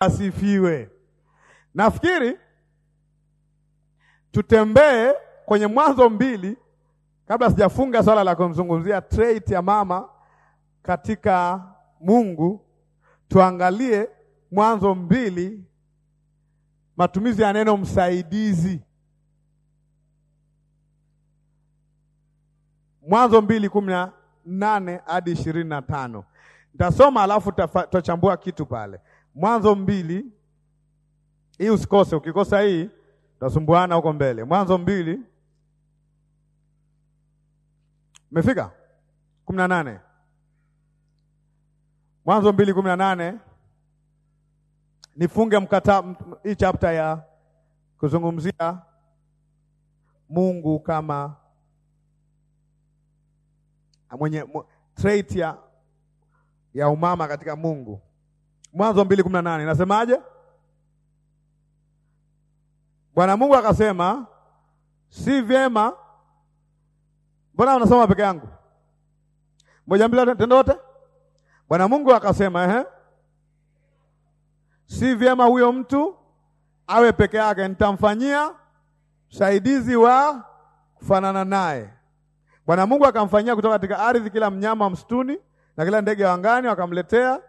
asifiwe. Nafikiri tutembee kwenye Mwanzo mbili kabla sijafunga swala la kumzungumzia trait ya mama katika Mungu, tuangalie Mwanzo mbili matumizi ya neno msaidizi. Mwanzo mbili kumi na nane hadi ishirini na tano nitasoma alafu tutachambua kitu pale. Mwanzo mbili, hii usikose. Ukikosa hii utasumbuana huko mbele. Mwanzo mbili, umefika kumi na nane. Mwanzo mbili kumi na nane. Nifunge mkata hii chapter ya kuzungumzia Mungu kama mwenye trait ya, ya umama katika Mungu. Mwanzo mbili kumi na nane inasemaje? Bwana Mungu akasema si vyema. Mbona unasoma peke yangu? Moja mbili tendo wote. Bwana Mungu akasema ehe, si vyema huyo mtu awe peke yake, nitamfanyia msaidizi wa kufanana naye. Bwana Mungu akamfanyia kutoka katika ardhi kila mnyama wa msituni na kila ndege wa angani, wakamletea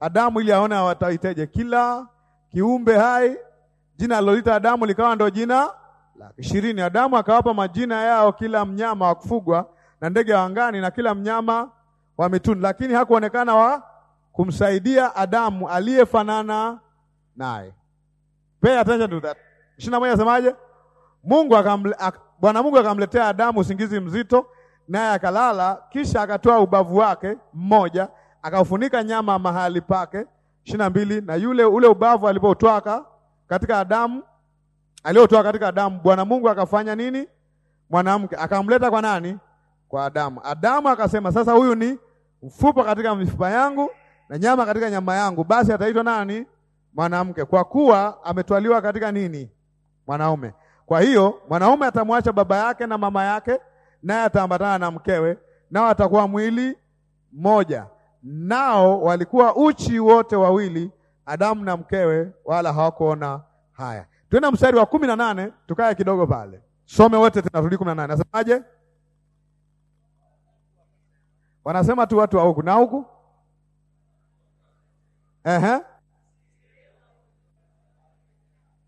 Adamu ili aone awataiteje kila kiumbe hai, jina alilolita Adamu likawa ndo jina la ishirini. Adamu akawapa majina yao kila mnyama wa kufugwa na ndege wa angani na kila mnyama wa mituni, lakini hakuonekana wa kumsaidia Adamu aliyefanana naye. Pay attention to that. Ishirini na moja asemaje? Mungu akamle, ak, Bwana Mungu akamletea Adamu usingizi mzito, naye akalala, kisha akatoa ubavu wake mmoja akaufunika nyama mahali pake. ishirini na mbili na yule ule ubavu alipotwaka katika Adamu, aliotoa katika Adamu, Bwana Mungu akafanya nini? Mwanamke akamleta kwa nani? Kwa Adamu. Adamu akasema sasa, huyu ni mfupa katika mifupa yangu na nyama katika nyama yangu, basi ataitwa nani? Mwanamke, kwa kuwa ametwaliwa katika nini? Mwanaume. Kwa hiyo mwanaume atamwacha baba yake na mama yake, naye ataambatana na mkewe, nao atakuwa mwili mmoja nao walikuwa uchi wote wawili, Adamu na mkewe, wala hawakuona haya. Tuenda mstari wa kumi na nane, tukae kidogo pale, some wote tena, turudi kumi na nane. Nasemaje? Wanasema tu watu wa huku na huku, ehe,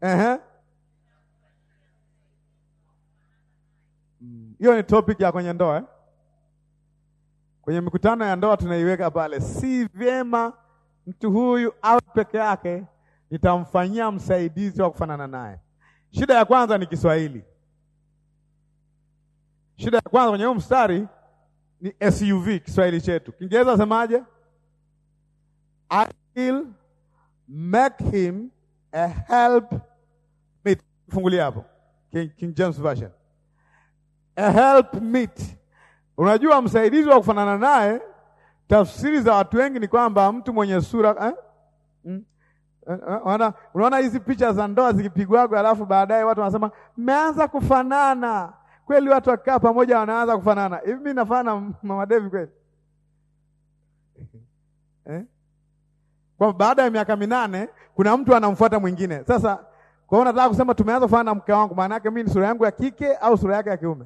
ehe. Hmm, hiyo ni topic ya kwenye ndoa eh? Kwenye mikutano ya ndoa tunaiweka pale, si vyema mtu huyu au peke yake, nitamfanyia msaidizi wa kufanana naye. Shida ya kwanza ni Kiswahili. Shida ya kwanza kwenye huu mstari ni SUV Kiswahili chetu. Kiingereza semaje? I will make him a help meet. Fungulia hapo. King, King James Version. A help meet Unajua, msaidizi wa kufanana naye, tafsiri za watu wengi ni kwamba mtu mwenye sura eh? mm. Unaona, unaona hizi picha za ndoa zikipigwago, alafu baadaye watu wanasema mmeanza kufanana. Kweli watu wakikaa pamoja wanaanza kufanana hivi? Mimi nafanana Mama Devi kweli eh? Kwa baada ya miaka minane kuna mtu anamfuata mwingine. Sasa kwa hiyo nataka kusema tumeanza kufanana na mke wangu, maana yake mimi ni sura yangu ya kike au sura yake ya kiume?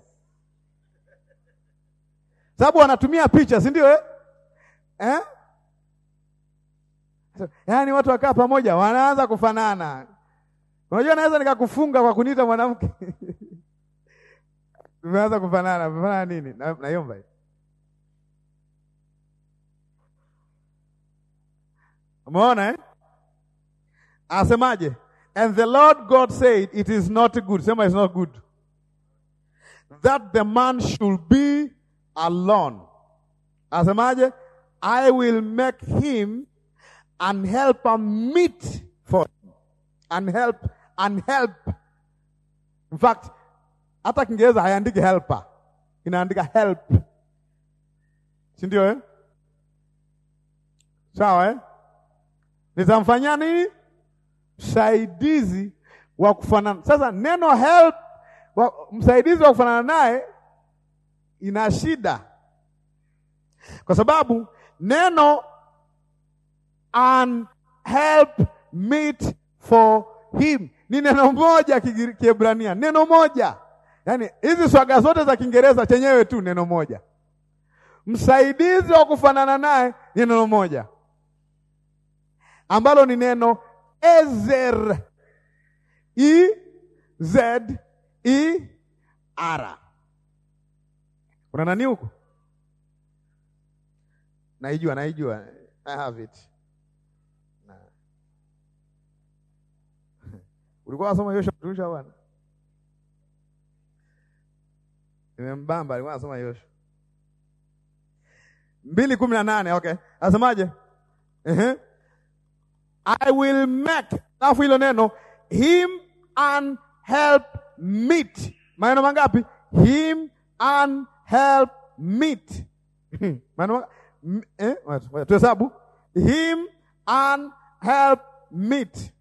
sababu wanatumia picha, si ndio eh? Eh? Yaani watu wakaa pamoja wanaanza kufanana. Unajua, naweza nikakufunga kwa kuniita mwanamke tumeanza kufanana kufanana nini? Naomba na umeona eh? Asemaje? And the Lord God said it is not good. Sema it's not good that the man should be alone. Asemaje? I will make him an helper meet for him. And help, and help. In fact, hata Kiingereza haiandiki helper, inaandika help, si ndio eh? Sawa eh? Nitamfanyia nini? Msaidizi wa kufanana. Sasa neno help, wa, msaidizi wa kufanana naye ina shida, kwa sababu neno and help meet for him ni neno moja Kiebrania, neno moja yaani. Hizi swaga zote za Kiingereza chenyewe tu neno moja, msaidizi wa kufanana naye ni neno moja ambalo ni neno ezer, e z e r kuna nani huko? Naijua, naijua. I have it. Na. Ulikuwa unasoma Yoshua mtumishi wa Bwana? Nimembamba, alikuwa anasoma Yoshua. Mbili kumi na nane, okay. Anasemaje? Uh-huh. I will make, alafu hilo neno him and help meet. Maneno mangapi? Him and help meet eh, tuhesabu him and help meet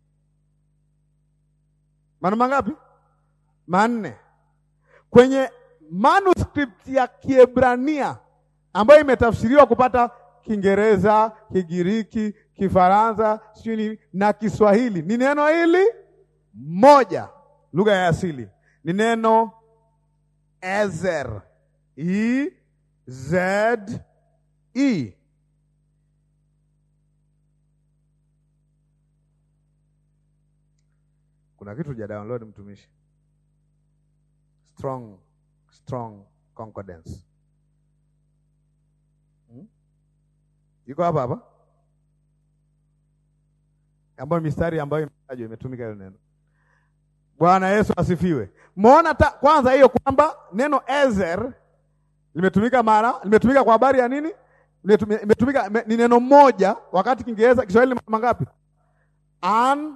mano mangapi? Manne kwenye manuscript ya Kiebrania ambayo imetafsiriwa kupata Kiingereza, Kigiriki, Kifaransa, sijui na Kiswahili. Ni neno hili moja, lugha ya asili ni neno ezer E Z E. Kuna kitu ja download mtumishi. Strong strong concordance. Hmm? Iko hapa hapa ambayo mistari ambayo imetajwa imetumika hilo neno. Bwana Yesu asifiwe. Mwona ta kwanza hiyo kwamba neno Ezer limetumika mara, limetumika kwa habari ya nini? Imetumika ni neno moja, wakati Kiingereza Kiswahili mangapi? An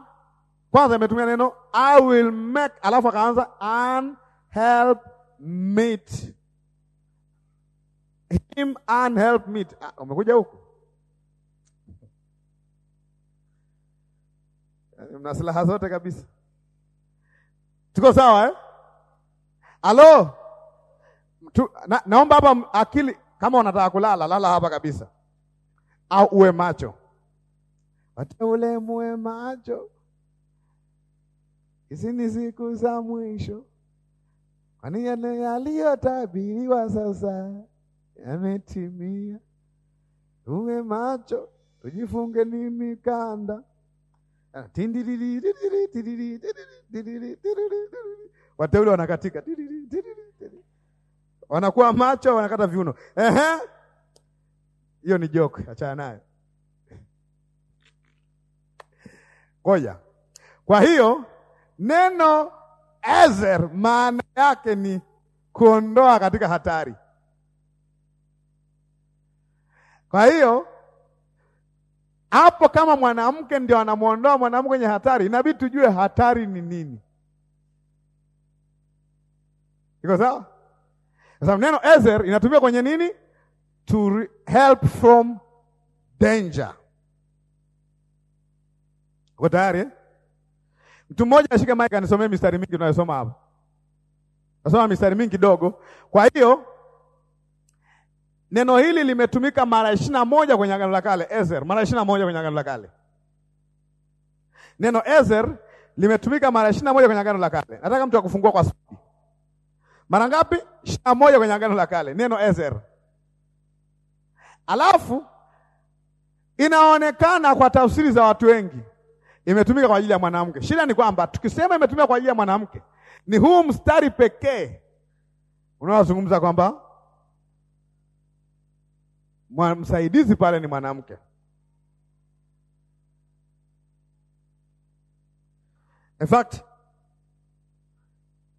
kwanza imetumia neno I will make, alafu akaanza an help meet him an help meet. Ah, umekuja huko eh, na silaha zote kabisa, tuko sawa eh? Alo tu, na, naomba hapa akili, kama unataka kulala lala hapa kabisa, au uwe macho, wateule muwe macho, hizi ni siku za mwisho, kwani yale yaliyotabiriwa sasa yametimia. Uwe macho, tujifunge ni mikanda ah, wateule wanakatika wanakuwa macho, wanakata viuno. Ehe, hiyo ni joke, achana nayo. Ngoja. Kwa hiyo neno ezer maana yake ni kuondoa katika hatari. Kwa hiyo hapo, kama mwanamke ndio anamwondoa mwanamke kwenye hatari, inabidi tujue hatari ni nini. Iko sawa? Sasa neno Ezer inatumia kwenye nini? To help from danger. Uko tayari eh? Mtu mmoja ashike mic anisomee mistari mingi tunayosoma hapa. Nasoma mistari mingi kidogo. Kwa hiyo neno hili limetumika mara ishirini na moja kwenye Agano la Kale, Ezer, mara ishirini na moja kwenye Agano la Kale. Neno Ezer limetumika mara ishirini na moja kwenye Agano la Kale. Nataka mtu akufungua kwa spidi mara ngapi? ishirini na moja kwenye Agano la Kale, neno Ezer. Alafu inaonekana kwa tafsiri za watu wengi imetumika kwa ajili ya mwanamke. Shida ni kwamba tukisema imetumika kwa ajili ya mwanamke, ni huu mstari pekee unaozungumza kwamba msaidizi pale ni mwanamke. In fact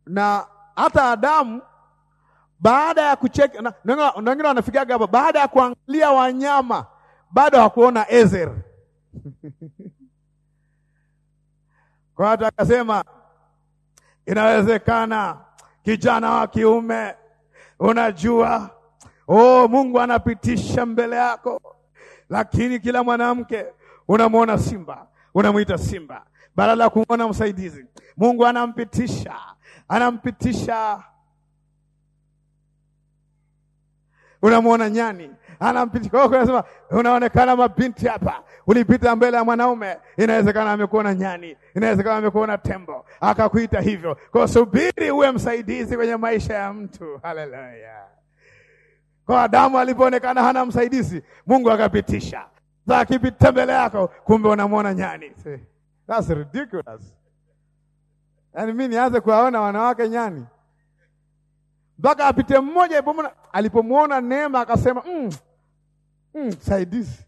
na hata Adamu baada ya kucheki na wengine wanafikiaga hapa, baada ya kuangalia wanyama bado hakuona Ezer. Kwa hata akasema inawezekana, kijana wa kiume unajua, oh, Mungu anapitisha mbele yako, lakini kila mwanamke unamwona simba, unamwita simba badala ya kumwona msaidizi. Mungu anampitisha anampitisha. Unamwona nyani anampitisha, anasema unaonekana mabinti hapa, ulipita mbele ya mwanaume, inawezekana amekuona nyani, inawezekana amekuona tembo akakuita hivyo. Kwa subiri uwe msaidizi kwenye maisha ya mtu. Haleluya! Kwa Adamu alipoonekana hana msaidizi, Mungu akapitisha, akipita mbele yako, kumbe unamwona nyani. That's ridiculous. Yaani mimi nianze kuwaona wanawake nyani mpaka apite mmoja ipomona, alipomwona Neema akasema mm, mm, saidizi.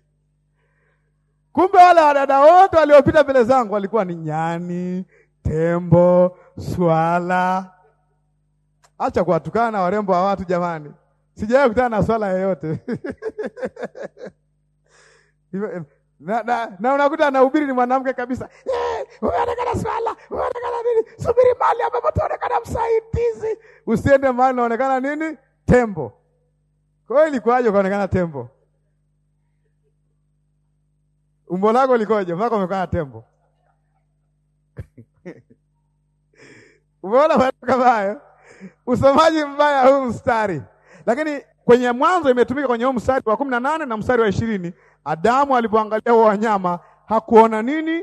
Kumbe wale wadada wote waliopita mbele zangu walikuwa ni nyani, tembo, swala. Acha kuwatukana warembo wa watu jamani, sijawahi kutana na swala yeyote na, na, na unakuta anahubiri ni mwanamke kabisa, eh, umeonekana swala, umeonekana nini, subiri mahali ambapo utaonekana msaidizi, usiende mahali unaonekana nini, tembo. Kwa hiyo ilikuwaje ukaonekana tembo? Umbo lako likoje mpaka umeonekana tembo? Umeona maneno kama hayo? Usomaji mbaya huu mstari, lakini kwenye Mwanzo imetumika kwenye huu mstari wa kumi na nane na mstari wa ishirini Adamu alipoangalia wa wanyama hakuona nini?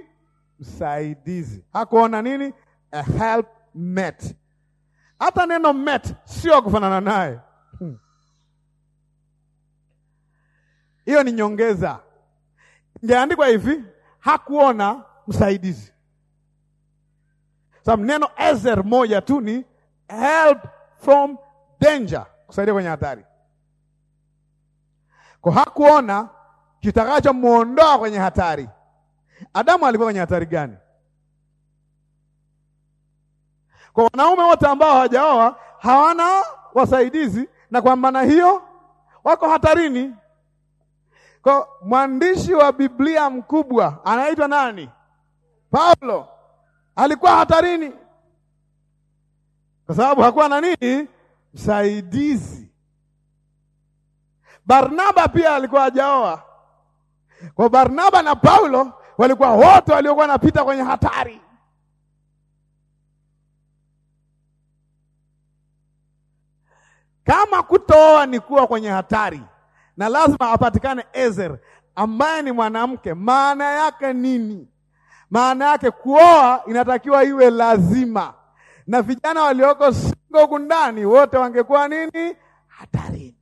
Msaidizi. Hakuona nini? A help met. Hata neno met sio kufanana naye hmm. hiyo, hmm. Ni nyongeza. Ingeandikwa hivi, hakuona msaidizi, sababu neno ezer moja tu ni help from danger, kusaidia kwenye hatari. Kwa hakuona kitakachomwondoa kwenye hatari. Adamu alikuwa kwenye hatari gani? Kwa wanaume wote ambao hawajaoa hawana wasaidizi, na kwa maana hiyo wako hatarini. Kwa mwandishi wa Biblia mkubwa anaitwa nani? Paulo alikuwa hatarini kwa sababu hakuwa na nini? Msaidizi. Barnaba pia alikuwa hajaoa kwa Barnaba na Paulo walikuwa wote waliokuwa wanapita kwenye hatari. Kama kutooa ni kuwa kwenye hatari, na lazima apatikane Ezer ambaye ni mwanamke. Maana yake nini? Maana yake kuoa inatakiwa iwe lazima, na vijana walioko singo huku ndani wote wangekuwa nini? Hatarini.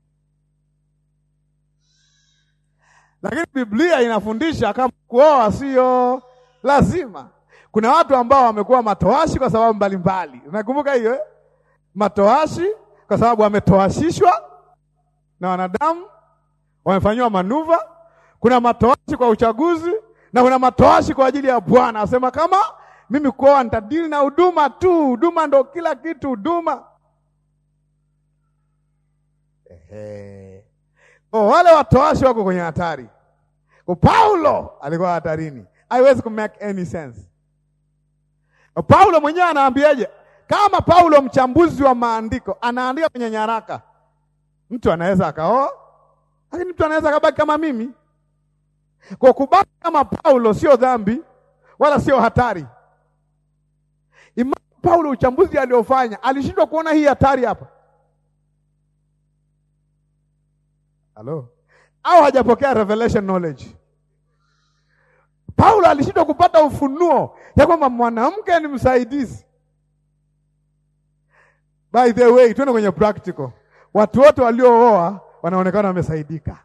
Lakini Biblia inafundisha kama kuoa sio lazima. Kuna watu ambao wamekuwa matoashi kwa sababu mbalimbali. Unakumbuka hiyo eh? Matoashi kwa sababu wametoashishwa na wanadamu, wamefanyiwa manuva. Kuna matoashi kwa uchaguzi na kuna matoashi kwa ajili ya Bwana. Asema kama mimi kuoa nitadili na huduma tu, huduma ndo kila kitu, huduma Ehe. Oh, wale watoashi wako kwenye hatari. Kwa Paulo alikuwa hatarini, haiwezi ku make any sense. Paulo mwenyewe anaambiaje? Kama Paulo mchambuzi wa maandiko anaandika kwenye nyaraka, mtu anaweza akaoa, lakini mtu anaweza akabaki kama mimi. Kwa kubaki kama Paulo sio dhambi wala sio hatari. Ima Paulo uchambuzi aliofanya alishindwa kuona hii hatari hapa. Halo au hajapokea revelation knowledge. Paulo alishindwa kupata ufunuo ya kwamba mwanamke ni msaidizi. By the way, tuende kwenye practical. Watu wote waliooa wanaonekana wamesaidika.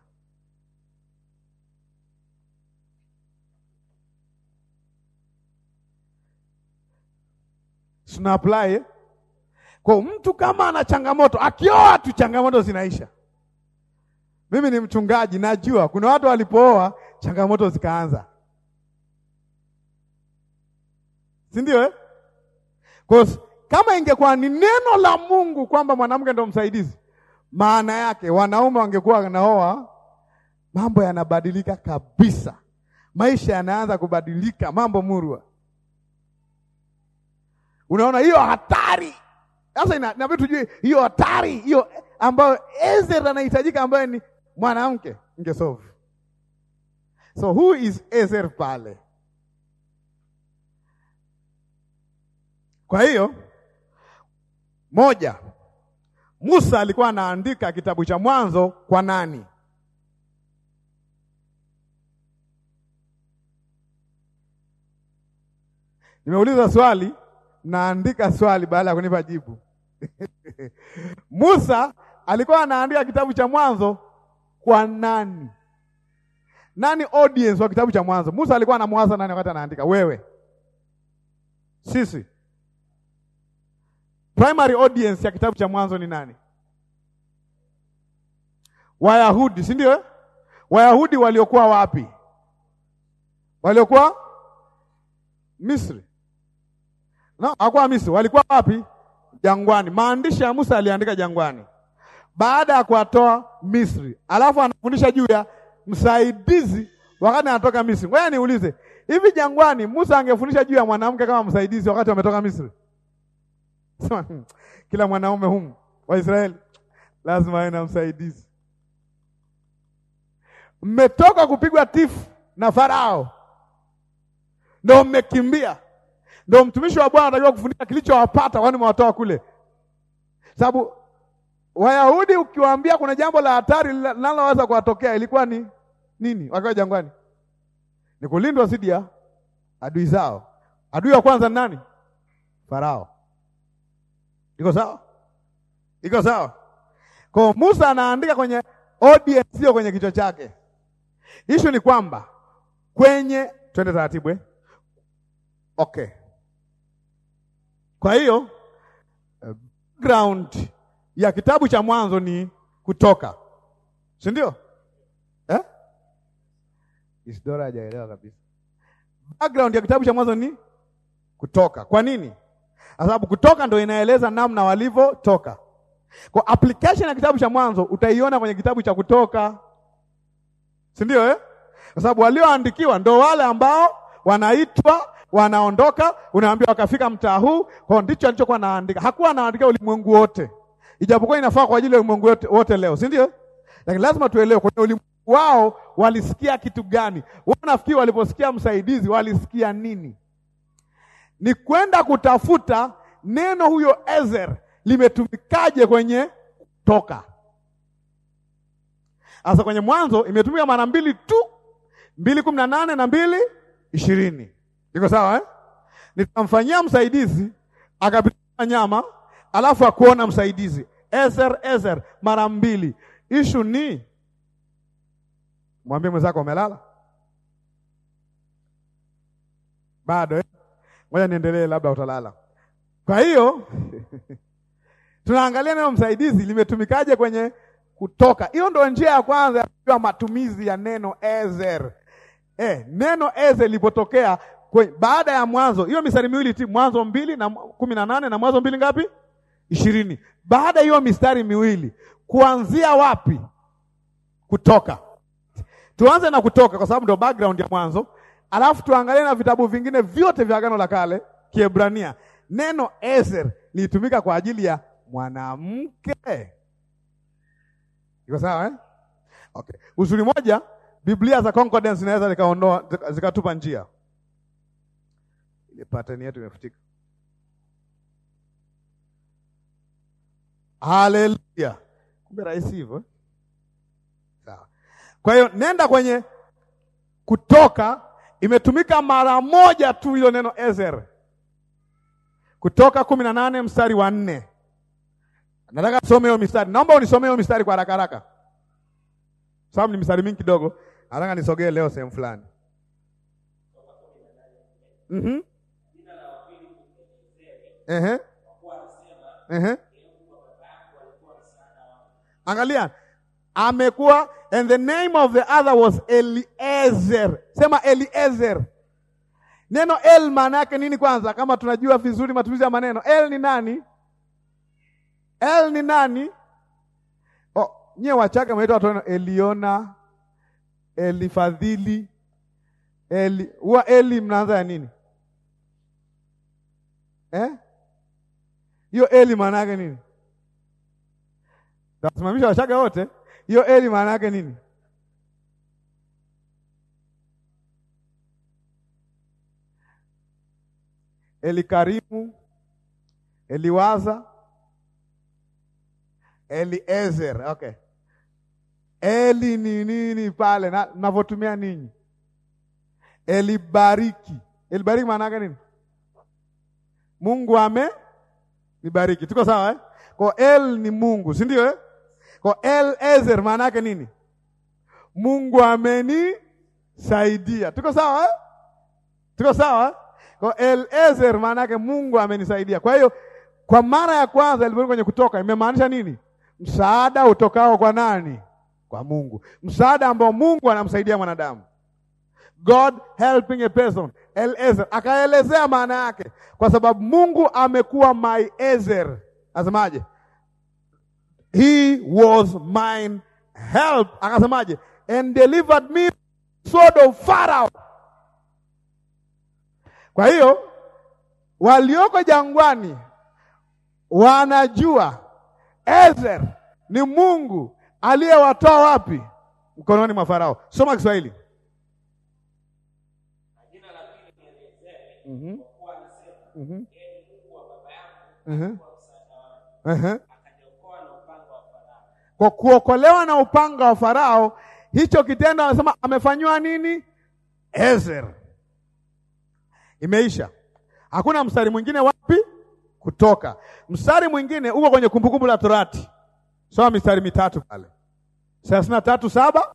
Sina apply kwa mtu kama ana changamoto akioa tu, changamoto zinaisha. Mimi ni mchungaji, najua kuna watu walipooa changamoto zikaanza, si ndio eh? Kama ingekuwa ni neno la Mungu kwamba mwanamke ndo msaidizi, maana yake wanaume wangekuwa wanaoa, mambo yanabadilika kabisa, maisha yanaanza kubadilika, mambo murwa. Unaona hiyo hatari sasa, inabidi tujue hiyo hatari hiyo ambayo Ezra anahitajika, ambayo ni mwanamke ngesovu. So who is Ezer pale? Kwa hiyo moja, Musa alikuwa anaandika kitabu cha Mwanzo kwa nani? Nimeuliza swali, naandika swali baada ya kunipa jibu. Musa alikuwa anaandika kitabu cha Mwanzo kwa nani? Nani audience wa kitabu cha Mwanzo? Musa alikuwa anamwaza nani wakati anaandika? Wewe, sisi. Primary audience ya kitabu cha Mwanzo ni nani? Wayahudi, si ndio? Eh? Wayahudi waliokuwa wapi? Waliokuwa Misri. No, hawakuwa Misri, walikuwa wapi? Jangwani. Maandishi ya Musa aliandika jangwani baada ya kuwatoa Misri, alafu anafundisha juu ya msaidizi wakati anatoka Misri. Ngoja niulize, hivi jangwani Musa angefundisha juu ya mwanamke kama msaidizi wakati wametoka Misri? Hmm, kila mwanaume humu wa Israeli lazima awe na msaidizi. Mmetoka kupigwa tifu na Farao, ndio mmekimbia, ndio mtumishi wa Bwana anatakiwa kufundisha kilichowapata, kwani mwatoa kule, sababu Wayahudi ukiwaambia kuna jambo la hatari linaloweza kuwatokea, ilikuwa ni nini? Wakiwa jangwani ni kulindwa dhidi ya adui zao. Adui wa kwanza ni nani? Farao. Iko sawa? Iko sawa? Kwa Musa anaandika kwenye audience, sio kwenye kichwa chake. Ishu ni kwamba kwenye, twende taratibu eh? Okay, kwa hiyo eh, ground ya kitabu cha Mwanzo ni Kutoka, si ndio eh? Isidora hajaelewa kabisa. Background ya kitabu cha Mwanzo ni Kutoka. Kwa nini? Sababu Kutoka ndio inaeleza namna walivyotoka. Kwa application ya kitabu cha Mwanzo utaiona kwenye kitabu cha Kutoka, si ndio eh? Kwa sababu walioandikiwa ndo wale ambao wanaitwa wanaondoka, unaambiwa wakafika mtaa huu, kwa ndicho alichokuwa naandika. Hakuwa anaandika ulimwengu wote ijapokuwa inafaa kwa ajili ya ulimwengu wote leo, si ndio? Lakini lazima tuelewe kwenye ulimwengu wao walisikia kitu gani? Wao nafikiri waliposikia msaidizi walisikia nini? Ni kwenda kutafuta neno huyo Ezer limetumikaje kwenye toka hasa kwenye Mwanzo imetumika mara mbili tu, mbili kumi na nane na mbili ishirini. Iko sawa eh? Nitamfanyia msaidizi akapitia nyama alafu akuona msaidizi Ezer, Ezer mara mbili. Ishu ni mwambie mwenzako amelala bado eh? Ngoja niendelee, labda utalala. Kwa hiyo tunaangalia neno msaidizi limetumikaje kwenye Kutoka. Hiyo ndo njia ya kwanza ya kujua matumizi ya neno Ezer. Eh, neno Ezer lilipotokea baada ya Mwanzo, hiyo misari miwili tu, Mwanzo mbili na kumi na nane na Mwanzo mbili ngapi? ishirini. Baada hiyo mistari miwili kuanzia wapi? Kutoka. Tuanze na Kutoka kwa sababu ndio background ya mwanzo, alafu tuangalie na vitabu vingine vyote vya Agano la Kale. Kiebrania neno Ezer lilitumika kwa ajili ya mwanamke. Iko sawa eh? Okay. Uzuri moja, Biblia za concordance zinaweza zikaondoa zikatupa njia ile pattern yetu imefutika. Haleluya! Kumbe rahisi hivyo, sawa. Kwa hiyo nenda kwenye Kutoka, imetumika mara moja tu hilo neno ezer. Kutoka kumi na nane mstari wa nne. Nataka tusome hiyo mistari, naomba unisome hiyo mistari kwa haraka haraka, sababu ni mistari mingi kidogo. Nataka nisogee leo sehemu fulani. mm -hmm. uh -huh. Angalia, amekuwa and the name of the other was Eliezer. Sema Eliezer. Neno el maana yake nini kwanza, kama tunajua vizuri matumizi ya maneno el ni nani? El ni nani? Oh, nyewe Wachaga mnaitwa watu neno Eliona, Elifadhili, Eli huwa Eli mnaanza ya nini eh? hiyo Eli maana yake nini? tasimamisha Washaga wote. Hiyo eli maana yake nini? eli waza, Eliwaza, ezer. Okay, eli ni nini pale navyotumia ninyi? Elibariki, elibariki maana yake nini? Mungu ame nibariki. Tuko sawa eh? Kwa el ni Mungu, si ndio eh? Kwa Ezer maana yake nini? Mungu amenisaidia. Tuko sawa? Eh? Tuko sawa? Eh? Kwa Ezer maana yake Mungu amenisaidia. Kwa hiyo kwa mara ya kwanza ilipo kwenye Kutoka imemaanisha nini? Msaada utokao kwa nani? Kwa Mungu. Msaada ambao Mungu anamsaidia mwanadamu. God helping a person. Ezer akaelezea maana yake, kwa sababu Mungu amekuwa my Ezer. Nasemaje? He was mine help. Akasemaje? And delivered me sword of Pharaoh. Kwa hiyo walioko jangwani wanajua Ezer ni Mungu aliyewatoa wapi? Mkononi mwa Farao. Soma Kiswahili. Mhm. Mhm. Mhm. mhm. Kwa kuokolewa na upanga wa Farao, hicho kitendo anasema amefanywa nini? Ezer. Imeisha, hakuna mstari mwingine wapi kutoka. Mstari mwingine uko kwenye Kumbukumbu la Torati, soma mistari mitatu pale, thelathini na tatu saba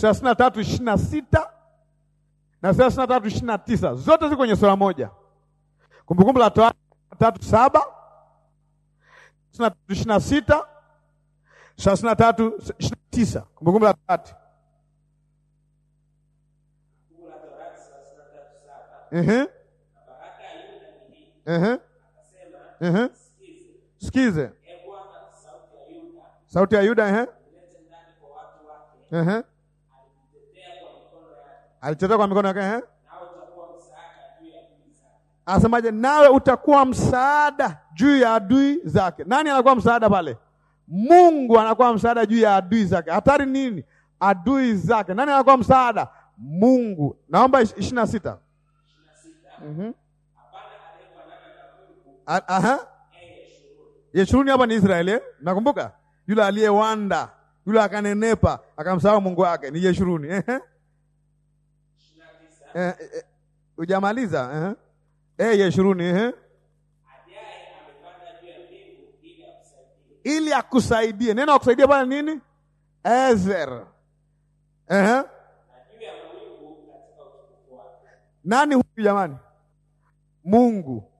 thelathini na tatu ishirini na sita na thelathini na tatu ishirini na tisa zote ziko kwenye sura moja. Kumbukumbu la Torati tatu saba thelathini na tatu ishirini na sita thelathini na tatu ishirini na tisa Kumbukumbu la Torati. Sikize sauti ya Yuda, alichezea kwa mikono yake. Asemaje? Nawe utakuwa msaada juu ya adui zake. Nani anakuwa msaada pale? Mungu anakuwa msaada juu ya adui zake. Hatari nini? Adui zake. Nani anakuwa msaada? Mungu. Naomba ishirini na sita. Mhm. Aha. Yeshuruni hapa ni Israeli, eh? nakumbuka yule aliyewanda yule akanenepa akamsahau Mungu wake ni Yeshuruni. Eh, eh, eh, eh ujamaliza eh, eh, Yeshuruni eh. ili akusaidie. Neno akusaidie pale nini? Ezer. -huh. Nani huyu jamani? Mungu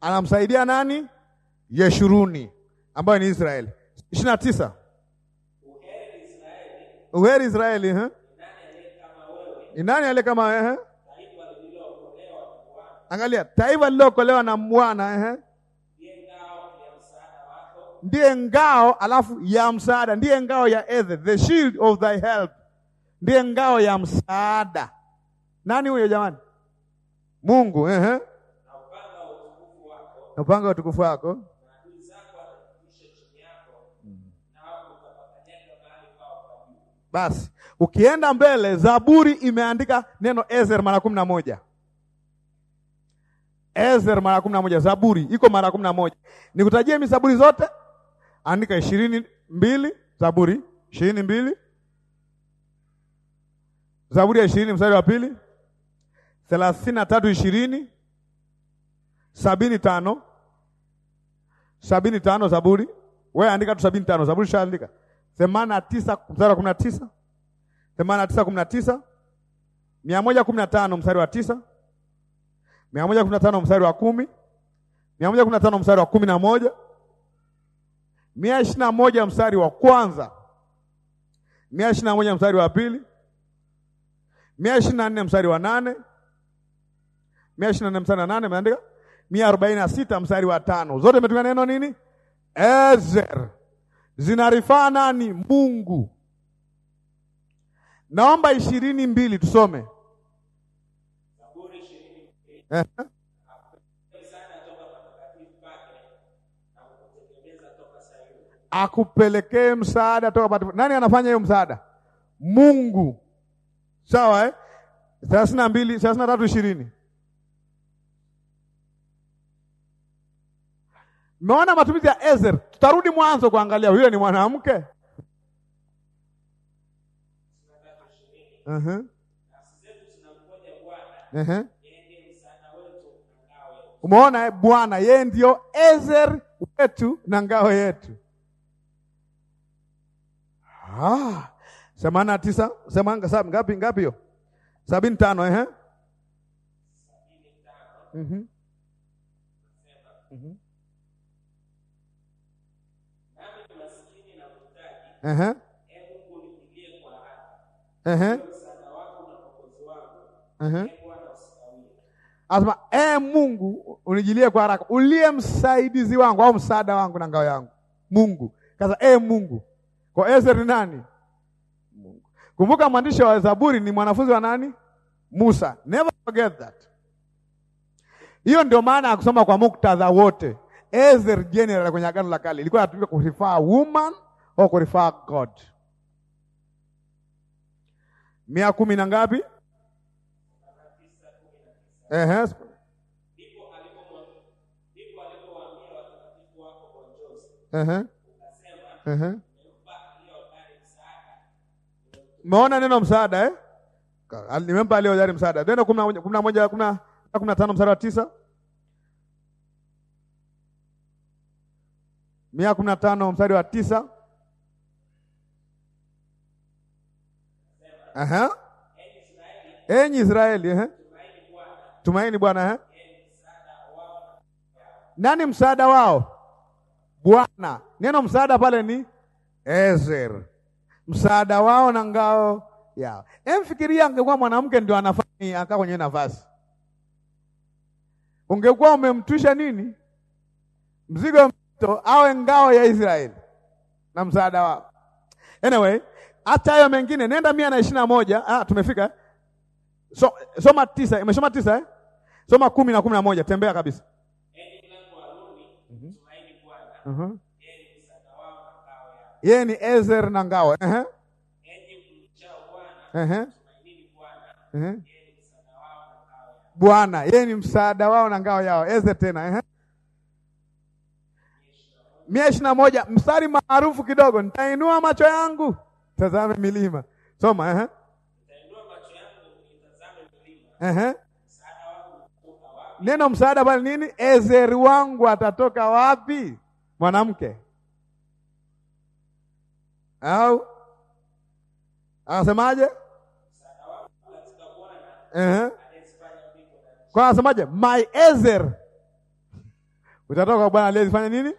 anamsaidia nani? Yeshuruni ambayo ni Israeli. ishirini na tisa Uheri Israeli, huh? Ni nani ale kama wewe? Angalia, taifa lilokolewa na Bwana, ndiye ngao, alafu ya msaada, ndiye ngao ya edhe, the shield of thy help, ndiye ngao ya msaada. Nani huyo jamani? Mungu ehe, na upanga wa utukufu wako Basi ukienda mbele, Zaburi imeandika neno Ezer mara kumi na moja. Ezer mara kumi na moja, Zaburi iko mara kumi na moja. Nikutajie mimi Zaburi zote? andika ishirini mbili Zaburi ishirini mbili Zaburi ya ishirini mstari wa pili thelathini na tatu ishirini sabini tano sabini tano Zaburi we andika tu sabini tano Zaburi shaandika themanini na tisa mstari wa kumi na tisa themanini na tisa kumi na tisa mia moja kumi na tano mstari wa tisa mia moja kumi na tano mstari wa kumi mia moja kumi na tano mstari wa kumi na moja mia ishirini na moja mstari wa kwanza mia ishirini na moja mstari wa pili mia ishirini na nne mstari wa nane mia ishirini na nne mstari wa nane imeandika mia arobaini na sita mstari wa tano zote imetumia neno nini? Ezer zinarifaa nani? Mungu. Naomba ishirini mbili tusome Zaburi ishirini akupelekee msaada toka pati. Nani anafanya hiyo msaada? Mungu. Sawa eh? thelathini na mbili thelathini na tatu ishirini Meona matumizi ya Ezer. Tutarudi mwanzo kuangalia yule ni mwanamke. Uh-huh. Uh-huh. Umeona eh? Bwana yeye ndio Ezer wetu na ngao yetu. Ah, semana tisa, tisa sema ngapi ngapi yo? sabini tano eh? Mhm. Mhm. Ehe. Ehe. Ehe. Asma, ee Mungu unijilie kwa haraka, uliye msaidizi wangu au msaada wangu na ngao yangu Mungu. kasa, e Mungu kwa Ezra ni nani? Mungu. Kumbuka mwandishi wa Zaburi ni mwanafunzi wa nani? Musa. Never forget that. Hiyo ndio maana ya kusoma kwa muktadha wote. Ezra general kwenye Agano la Kale ilikuwa inatumika kurefer woman au kurefer God. Mia kumi na ngapi? Ehe. Uh -huh. Umeona neno msaada eh? Nimempa leo jari msaada. Tena kumi na moja kumi na tano mstari wa tisa mia kumi na tano mstari wa tisa Aha. Enyi Israeli, eh? Tumaini Bwana eh? Nani msaada wao? Bwana. Neno msaada pale ni Ezer msaada wao na ngao yao. Emfikiria angekuwa mwanamke ndio anafanya akaa kwenye nafasi, ungekuwa umemtwisha nini mzigo mzito, awe ngao ya Israeli na msaada wao. Anyway, hata hayo mengine nenda mia na ishirini na moja. Ah, tumefika so, soma tisa, imesoma tisa eh? Soma kumi na kumi na moja, tembea kabisa. mm -hmm yeye ni Ezer na ngao. Ehe. Ehe. Ehe. Bwana yeye ni msaada wao na ngao yao. Ezer tena. Ehe. Mia ishirini na moja mstari maarufu kidogo, nitainua macho yangu tazame milima. Soma. Ehe. Ehe. Neno msaada bali nini? Ezeri wangu atatoka wapi? Mwanamke au anasemaje? uh-huh. Kwa anasemaje? my ezer utatoka kwa Bwana aliyezifanya nini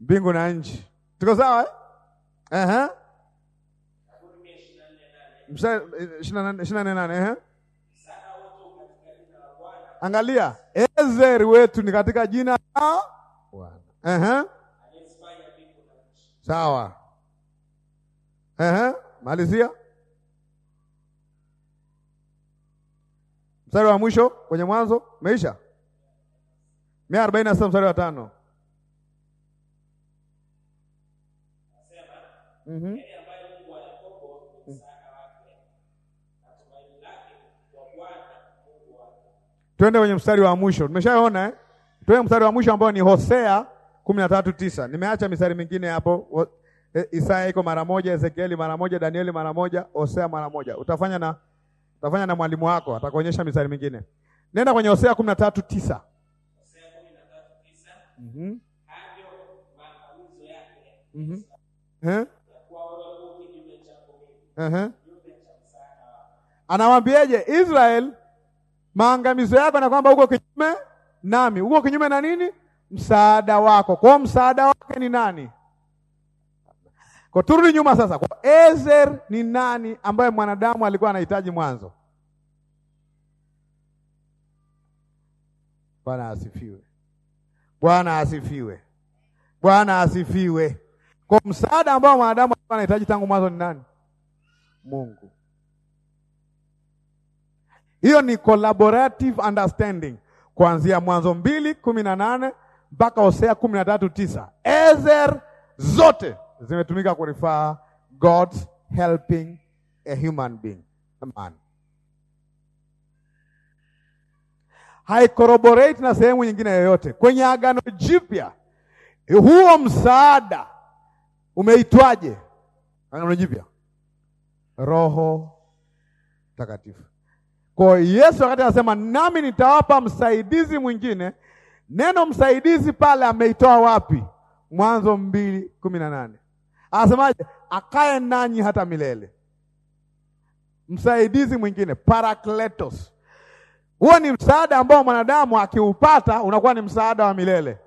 mbingu na nchi. Tuko sawa eh? uh-huh. Nane, angalia Ezeri wetu ni katika jina la Bwana. Sawa. Ehe, malizia mstari wa mwisho kwenye Mwanzo meisha mia arobaini na sita mstari wa tano. Mm-hmm. Twende kwenye mstari wa mwisho tumeshaona eh? Twende mstari wa mwisho ambao ni Hosea kumi na tatu tisa. Nimeacha mistari mingine hapo. E, Isaya iko mara moja, Ezekieli mara moja, Danieli mara moja, Hosea mara moja. Utafanya na utafanya na mwalimu wako atakuonyesha mistari mingine. Nenda kwenye Hosea 13:9. Hosea 13:9. Mhm. Mm Hayo mauzo yake. Mhm. eh? Uh eh, -huh. Eh. Anawaambiaje Israel maangamizo yako na kwamba uko kinyume nami, uko kinyume na nini? Msaada wako. Kwa msaada wake ni nani? Kwa turudi nyuma sasa, kwa Ezer ni nani ambaye mwanadamu alikuwa anahitaji mwanzo? Bwana asifiwe. Bwana asifiwe. Bwana asifiwe. Kwa msaada ambao mwanadamu alikuwa anahitaji tangu mwanzo ni nani? Mungu. Hiyo ni collaborative understanding kuanzia Mwanzo mbili kumi na nane mpaka Hosea kumi na tatu tisa. Ezer zote zimetumika kurifaa God helping a human being, a man. Haicorroborate na sehemu nyingine yoyote kwenye Agano Jipya. Huo msaada umeitwaje? Agano Jipya, Roho takatifu Kwa Yesu wakati anasema nami nitawapa msaidizi mwingine, neno msaidizi pale ameitoa wapi? Mwanzo mbili kumi na nane. Anasemaje? Akae nanyi hata milele, msaidizi mwingine, parakletos. Huo ni msaada ambao mwanadamu akiupata unakuwa ni msaada wa milele.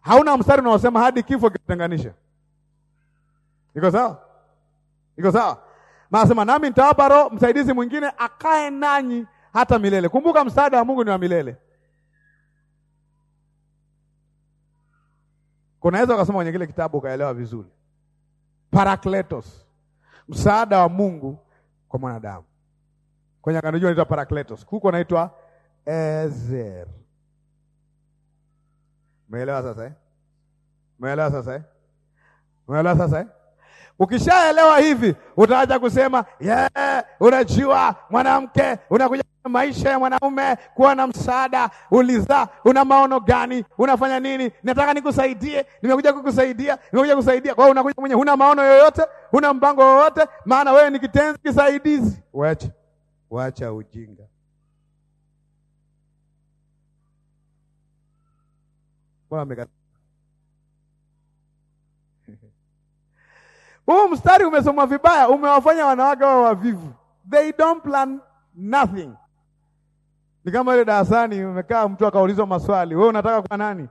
Hauna mstari unaosema hadi kifo kitenganisha. Iko sawa? Iko sawa? Nasema nami nitawapa roho msaidizi mwingine akae nanyi hata milele. Kumbuka msaada wa Mungu ni wa milele. Kunaweza ukasoma kwenye kile kitabu ukaelewa vizuri. Parakletos, msaada wa Mungu kwa mwanadamu. Kwenye agano jipya anaitwa Parakletos, huko anaitwa Ezer. Umeelewa sasa eh? Umeelewa sasa eh? Umeelewa sasa eh? Ukishaelewa hivi utaanza kusema yeah, unajua mwanamke unakuja maisha ya mwanaume kuwa na msaada. Uliza, una maono gani? Unafanya nini? Nataka nikusaidie, nimekuja kukusaidia, nimekuja kusaidia. Kwa hiyo unakuja mwenye huna maono yoyote, huna mpango wowote, maana wewe ni kitenzi kisaidizi. Wacha wacha ujinga. Huu mstari umesomwa vibaya, umewafanya wanawake wao wavivu. They don't plan nothing ni kama ile darasani umekaa mtu akaulizwa maswali, wewe unataka kuwa nani?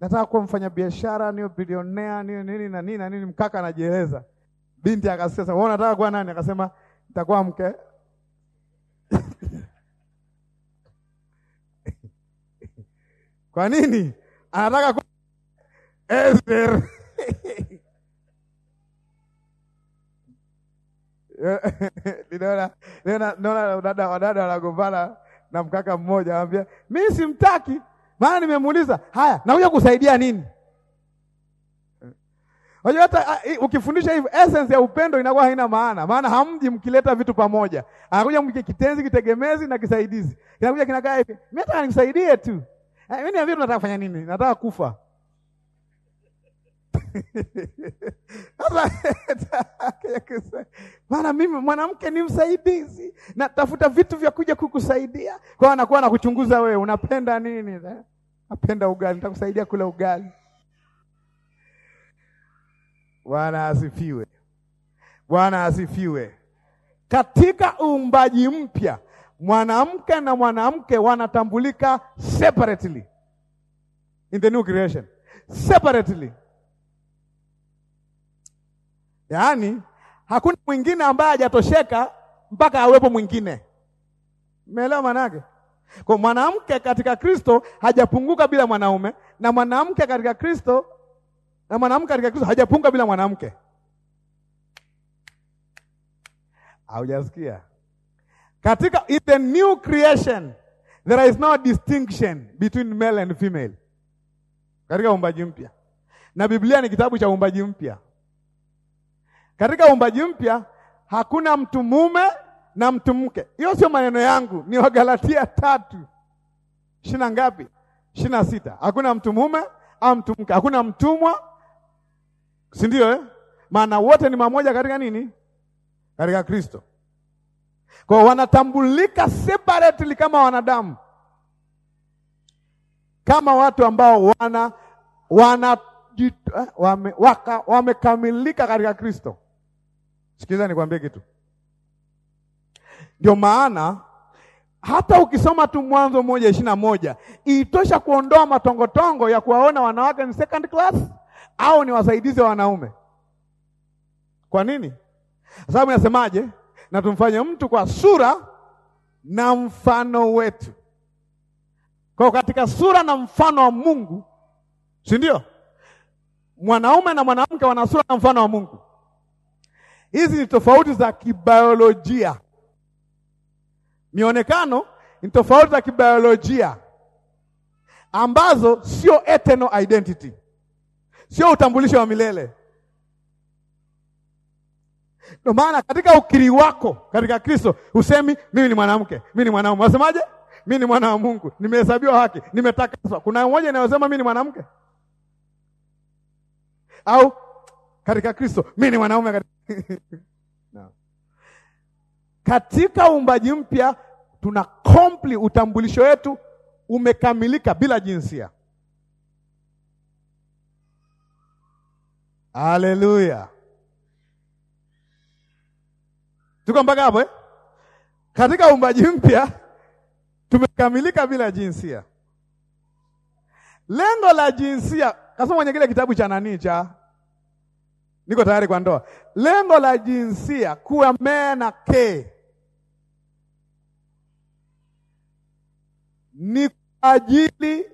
Nataka kuwa mfanyabiashara, niwe bilionea, niwe nini na nini na nini. Mkaka anajieleza, binti akasema, wewe unataka kuwa nani? Akasema nitakuwa mke kwa nini anataka ku... Esther ninaona ninaona wadada wanagombana na mkaka mmoja anambia, mimi simtaki, maana nimemuuliza haya, nakuja kusaidia nini? Unajua hata ah, ukifundisha hivyo essence ya upendo inakuwa haina maana, maana hamji mkileta vitu pamoja. Anakuja mke kitenzi, kitegemezi na kisaidizi. Kinakuja kinakaa hivi, mimi nataka nikusaidie tu. Eh, mimi niambie, tunataka kufanya nini? Nataka kufa maana mimi mwanamke ni msaidizi, natafuta vitu vya kuja kukusaidia. Kwa anakuwa anakuchunguza wewe, unapenda nini? Napenda ugali, nitakusaidia kula ugali. Bwana asifiwe, Bwana asifiwe. Katika uumbaji mpya mwanamke na mwanamke wanatambulika separately in the new creation, separately Yaani hakuna mwingine ambaye hajatosheka mpaka awepo mwingine. Umeelewa maana yake? Kwa mwanamke katika Kristo hajapunguka bila mwanaume na mwanamke katika Kristo na mwanamke katika Kristo hajapunguka bila mwanamke. Haujasikia? Katika in the new creation there is no distinction between male and female. Katika uumbaji mpya. Na Biblia ni kitabu cha uumbaji mpya. Katika uumbaji mpya hakuna mtu mume na mtu mke. Hiyo sio maneno yangu, ni Wagalatia tatu ishirini na ngapi? ishirini na sita. Hakuna mtu mume au mtu mke, hakuna mtumwa, si ndio eh? Maana wote ni mamoja katika nini? Katika Kristo. Kwa wanatambulika separately kama wanadamu, kama watu ambao wana wana eh, wame, katika Kristo. Sikiliza nikwambie kitu. Ndio maana hata ukisoma tu Mwanzo moja ishirini na moja itosha kuondoa matongotongo ya kuwaona wanawake ni second class au ni wasaidizi wa wanaume. Kwa nini? Sababu inasemaje? Na tumfanye mtu kwa sura na mfano wetu. Kwa katika sura na mfano wa Mungu, si ndio? Mwanaume na mwanamke wana sura na mfano wa Mungu. Hizi ni tofauti za kibiolojia. Mionekano ni tofauti za kibiolojia ambazo sio eternal identity, sio utambulisho wa milele. Ndio maana katika ukiri wako katika Kristo husemi mimi ni mwanamke, mimi ni mwanaume. Unasemaje? Mimi ni mwana wa Mungu, nimehesabiwa haki, nimetakaswa. Kuna mmoja inayosema mimi ni mwanamke au katika Kristo mimi ni mwanaume katika no. Katika uumbaji mpya tuna kompli, utambulisho wetu umekamilika bila jinsia. Haleluya, tuko mpaka hapo eh? Katika uumbaji mpya tumekamilika bila jinsia. Lengo la jinsia kasoma kwenye kile kitabu cha nani cha niko tayari kwa ndoa. Lengo la jinsia kuwa mee na ke ni kwa ajili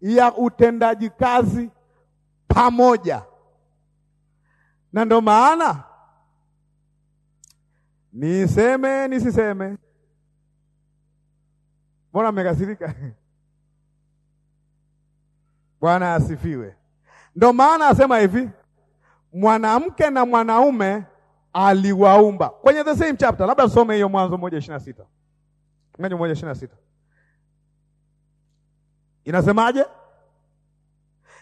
ya utendaji kazi pamoja, na ndo maana niseme nisiseme, mbona mmekasirika? Bwana asifiwe. Ndo maana asema hivi mwanamke na mwanaume aliwaumba kwenye the same chapter. Labda tusome hiyo Mwanzo moja ishirini na sita Mwanzo moja ishirini na sita inasemaje?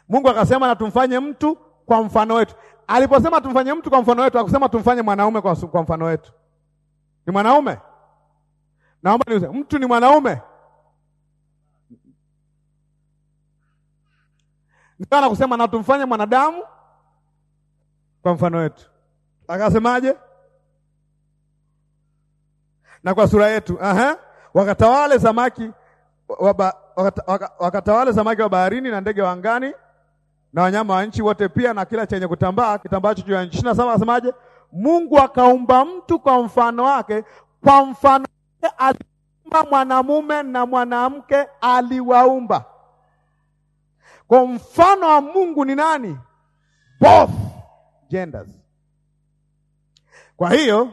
Mungu akasema na tumfanye mtu kwa mfano wetu. Aliposema tumfanye mtu kwa mfano wetu, akusema tumfanye mwanaume kwa, kwa mfano wetu. Ni mwanaume, naomba niuze, mtu ni mwanaume ndio anakusema na tumfanye mwanadamu kwa mfano wetu, akasemaje? Na kwa sura yetu. Aha, wakatawale samaki waba, wakata, waka, wakatawale samaki wa baharini na ndege wa angani na wanyama wa nchi wote pia na kila chenye kutambaa kitambacho juu ya nchi. na saba asemaje? Mungu akaumba mtu kwa mfano wake, kwa mfano wake aliumba, mwanamume na mwanamke aliwaumba. Kwa mfano wa Mungu ni nani? Both genders. Kwa hiyo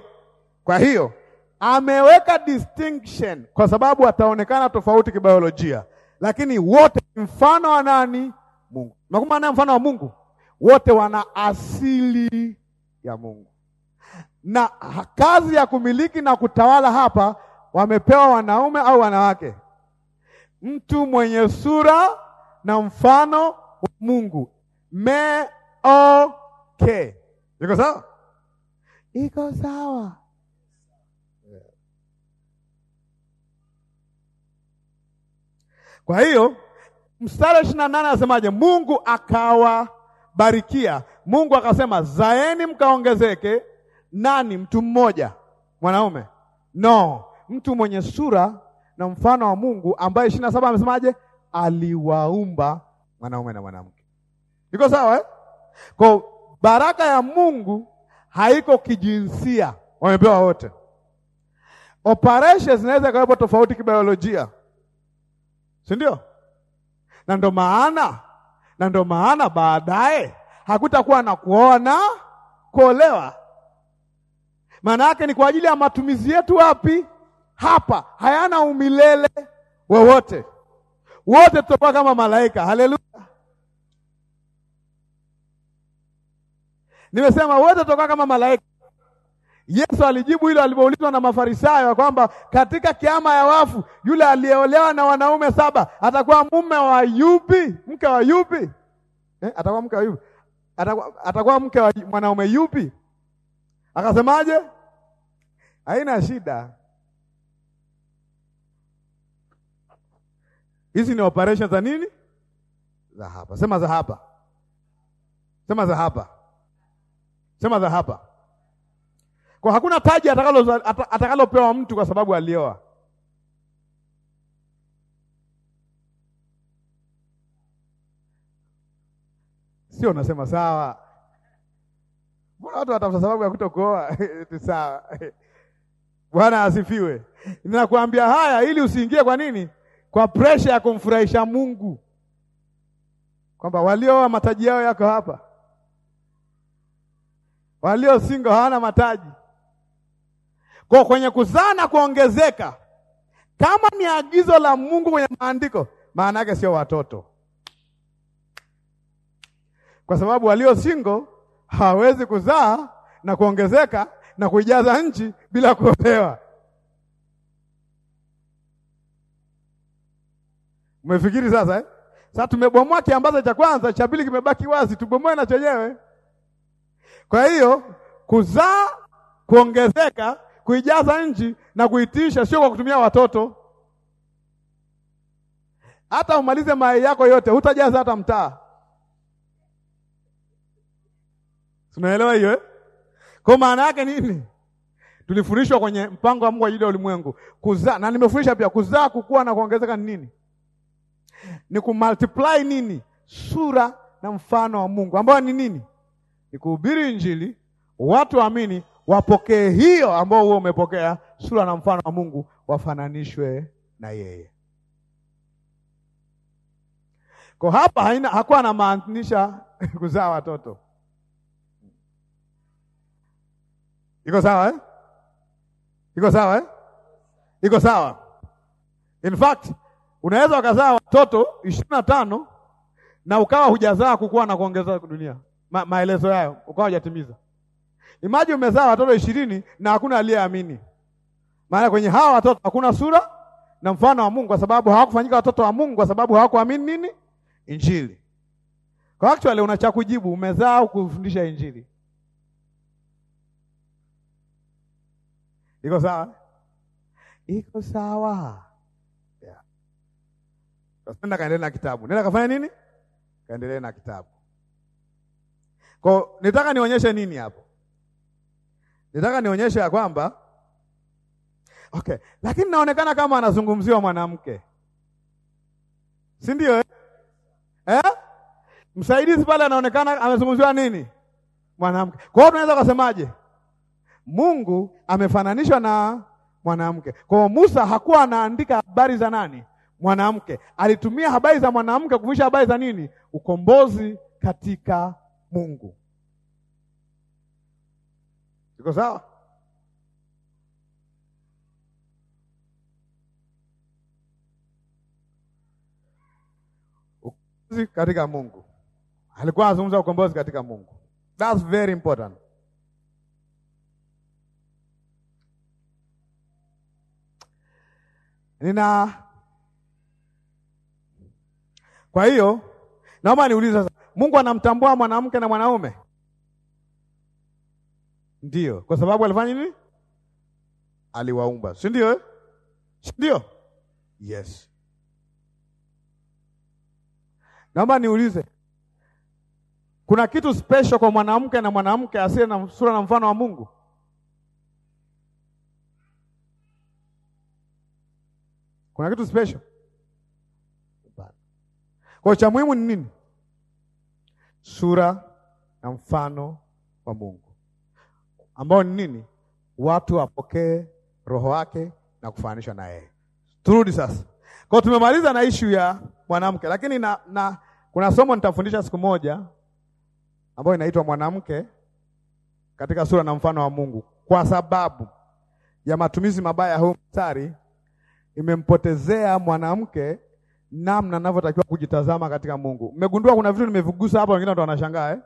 kwa hiyo ameweka distinction kwa sababu ataonekana tofauti kibiolojia, lakini wote mfano wa nani? Mungu. Nakumana mfano wa Mungu, wote wana asili ya Mungu, na kazi ya kumiliki na kutawala hapa wamepewa wanaume au wanawake, mtu mwenye sura na mfano wa Mungu, male okay. Iko sawa? Iko sawa. Kwa hiyo mstari wa ishirini na nane anasemaje? Mungu akawabarikia. Mungu akasema zaeni mkaongezeke. Nani? Mtu mmoja mwanaume? No, mtu mwenye sura na mfano wa Mungu, ambaye ishirini na saba amesemaje? Aliwaumba mwanaume na mwanamke. Iko sawa eh? Kwa Baraka ya Mungu haiko kijinsia, wamepewa wote. Operations zinaweza ikawepo tofauti kibiolojia, si ndio? Na ndo maana na ndo maana baadaye hakutakuwa na kuoa na kuolewa. Maana yake ni kwa ajili ya matumizi yetu wapi? Hapa hayana umilele wowote, wote tutakuwa kama malaika. Haleluya! Nimesema wote tutakuwa kama malaika. Yesu alijibu hilo alipoulizwa na Mafarisayo kwamba katika kiama ya wafu yule aliyeolewa na wanaume saba atakuwa mume wa yupi? Mke wa yupi? Eh, atakuwa mke wa yupi? Atakuwa, atakuwa mke wa mwanaume yupi? Akasemaje? Haina shida. Hizi ni operation za nini? Za hapa. Sema za hapa. Sema za hapa sema za hapa kwa hakuna paji atakalopewa atakalo mtu kwa sababu alioa. Sio, nasema sawa? Mbona watu watafuta sababu ya kutokuoa? Sawa. Bwana asifiwe. Ninakuambia haya ili usiingie, kwa nini? Kwa presha ya kumfurahisha Mungu, kwamba walioa mataji yao yako hapa walio singo hawana mataji. Kwa kwenye kuzaa na kuongezeka, kama ni agizo la Mungu kwenye maandiko, maana yake sio watoto, kwa sababu walio singo hawezi kuzaa na kuongezeka na kuijaza nchi bila kuolewa. Umefikiri sasa eh? Sasa tumebomoa kiambaza cha kwanza, cha pili kimebaki wazi, tubomoe na chenyewe. Kwa hiyo kuzaa, kuongezeka, kuijaza nchi na kuitisha sio kwa kutumia watoto. Hata umalize mali yako yote hutajaza hata mtaa. Tunaelewa hiyo eh? Kwa maana yake nini? Tulifundishwa kwenye mpango wa Mungu ajili ya ulimwengu kuzaa, na nimefundisha pia kuzaa, kukua na kuongezeka ni nini? Ni kumultiply nini? Sura na mfano wa Mungu ambao ni nini? ni kuhubiri Injili, watu waamini, wapokee hiyo ambao wewe umepokea, sura na mfano wa Mungu, wafananishwe na yeye. Kwa hapa haina hakuwa anamaanisha kuzaa watoto. Iko sawa eh? Iko sawa eh? Iko sawa. In fact, unaweza ukazaa watoto ishirini na tano na ukawa hujazaa kukuwa na kuongeza dunia ma, maelezo yayo ukawa hujatimiza. Imagine umezaa watoto ishirini na hakuna aliyeamini, maana kwenye hawa watoto hakuna sura na mfano wa Mungu, kwa sababu hawakufanyika watoto wa Mungu kwa sababu hawakuamini nini? Injili. Kwa actually una cha kujibu, umezaa kufundisha Injili? Iko sawa? Iko sawa. Yeah. Sasa kaendelee na kitabu. Nenda kafanya nini? Kaendelee na kitabu. Kwa nitaka nionyeshe nini hapo? Nitaka nionyeshe ya kwamba okay, lakini naonekana kama anazungumziwa mwanamke, si ndio eh? Eh? Msaidizi pale anaonekana amezungumziwa nini? Mwanamke. Kwa hiyo tunaweza kusemaje? Mungu amefananishwa na mwanamke. Kwa hiyo Musa hakuwa anaandika habari za nani? Mwanamke. Alitumia habari za mwanamke kuvisha habari za nini? Ukombozi katika Mungu. Iko sawa? Ukombozi katika Mungu. Alikuwa anazungumza ukombozi katika Mungu. That's very important. Nina kwa hiyo naomba niulize Mungu anamtambua mwanamke na mwanaume, ndio kwa sababu alifanya nini? Aliwaumba, si ndio eh? si ndio? Yes. Naomba niulize, kuna kitu special kwa mwanamke na mwanamke asiye na sura na mfano wa Mungu? Kuna kitu special? Kwa cha muhimu ni nini? sura na mfano wa Mungu, ambao ni nini? Watu wapokee roho wake na kufananishwa na yeye. Turudi sasa kwa, tumemaliza na ishu ya mwanamke, lakini na, na kuna somo nitafundisha siku moja ambayo inaitwa mwanamke katika sura na mfano wa Mungu, kwa sababu ya matumizi mabaya ya huu mstari imempotezea mwanamke namna ninavyotakiwa kujitazama katika Mungu. Mmegundua kuna vitu nimevigusa hapa, wengine ndo wanashangaa eh?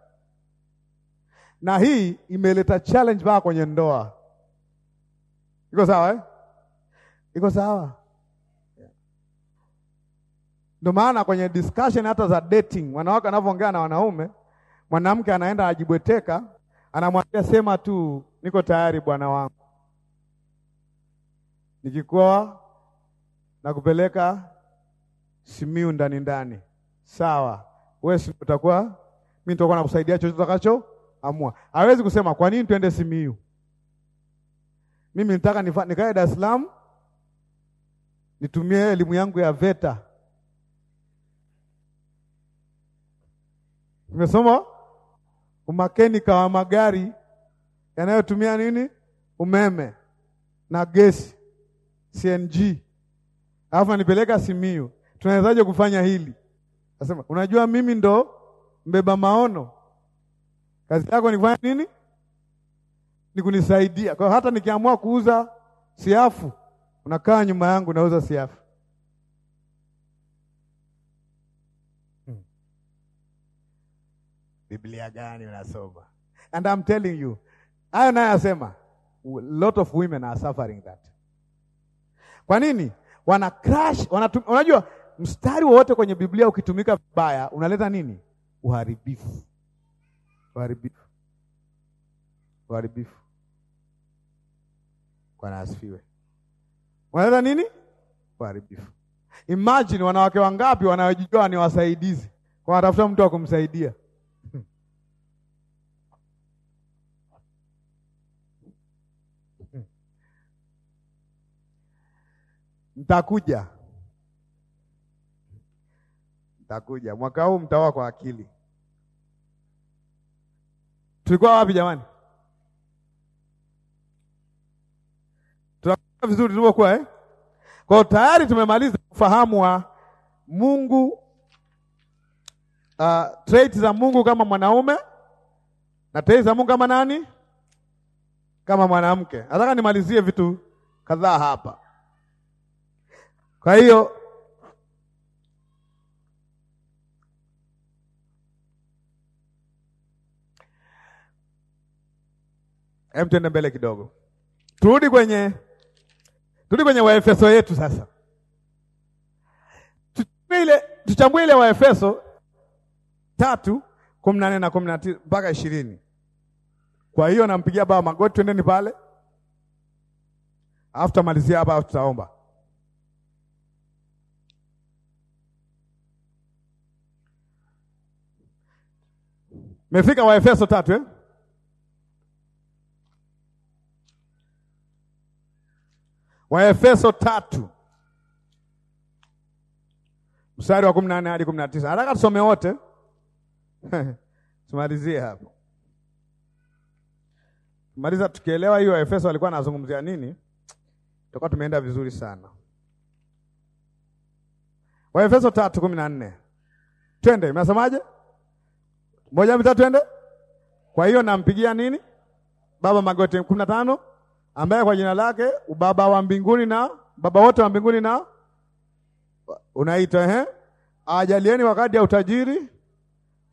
Na hii imeleta challenge mpaka kwenye ndoa. Iko sawa eh? Iko sawa. Ndio maana kwenye discussion hata za dating, wanawake wanavyoongea na wanaume, mwanamke anaenda ajibweteka, anamwambia sema tu, niko tayari bwana wangu, Nikikuwa na kupeleka Simiu ndani ndani, sawa. Wewe si utakuwa, mimi nitakuwa nakusaidia chochote utakacho amua. Hawezi kusema kwa nini tuende Simiu, mimi nitaka nikae Dar es Salaam nitumie elimu yangu ya VETA Umesoma umakenika wa magari yanayotumia nini, umeme na gesi CNG, alafu nanipeleka Simiyu tunawezaje kufanya hili? Nasema, unajua mimi ndo mbeba maono, kazi yako ni kufanya nini? Ni kunisaidia. Kwa hiyo hata nikiamua kuuza siafu, unakaa nyuma yangu, nauza siafu. Hmm. Biblia gani unasoma? And I'm telling you, hayo naye asema lot of women are suffering that. Kwa nini wana crash, wanatum, unajua mstari wowote kwenye Biblia ukitumika vibaya unaleta nini? Uharibifu, uharibifu, uharibifu. Bwana asifiwe. Unaleta nini? Uharibifu. Imagine wanawake wangapi wanaojijua ni wasaidizi, kwa wanatafuta mtu wa kumsaidia Ntakuja takuja mwaka huu, mtaoa kwa akili. Tulikuwa wapi jamani? Tunakuwa vizuri tulivyokuwa eh? Kwa hiyo tayari tumemaliza ufahamu wa Mungu, uh, ah, trait za Mungu kama mwanaume na trait za Mungu kama nani, kama mwanamke. Nataka nimalizie vitu kadhaa hapa. Kwa hiyo Hebu tuende mbele kidogo, turudi kwenye turudi kwenye Waefeso yetu sasa, ile tuchambue ile Waefeso tatu kumi na nne na kumi na tisa mpaka ishirini. Kwa hiyo nampigia baba magoti, twendeni pale, alafu tutamalizia hapa, alafu tutaomba. Mefika Waefeso tatu eh? Waefeso tatu mstari wa kumi na nne hadi kumi na tisa nataka tusome wote tumalizie hapo. Tumaliza tukielewa hiyo Waefeso walikuwa anazungumzia nini, tutakuwa tumeenda vizuri sana. Waefeso tatu kumi na nne twende, mnasemaje? Moja mitatu, twende. Kwa hiyo nampigia nini baba magoti kumi na tano ambaye kwa jina lake ubaba wa mbinguni na baba wote wa mbinguni na unaita ehe, ajalieni wakati ya utajiri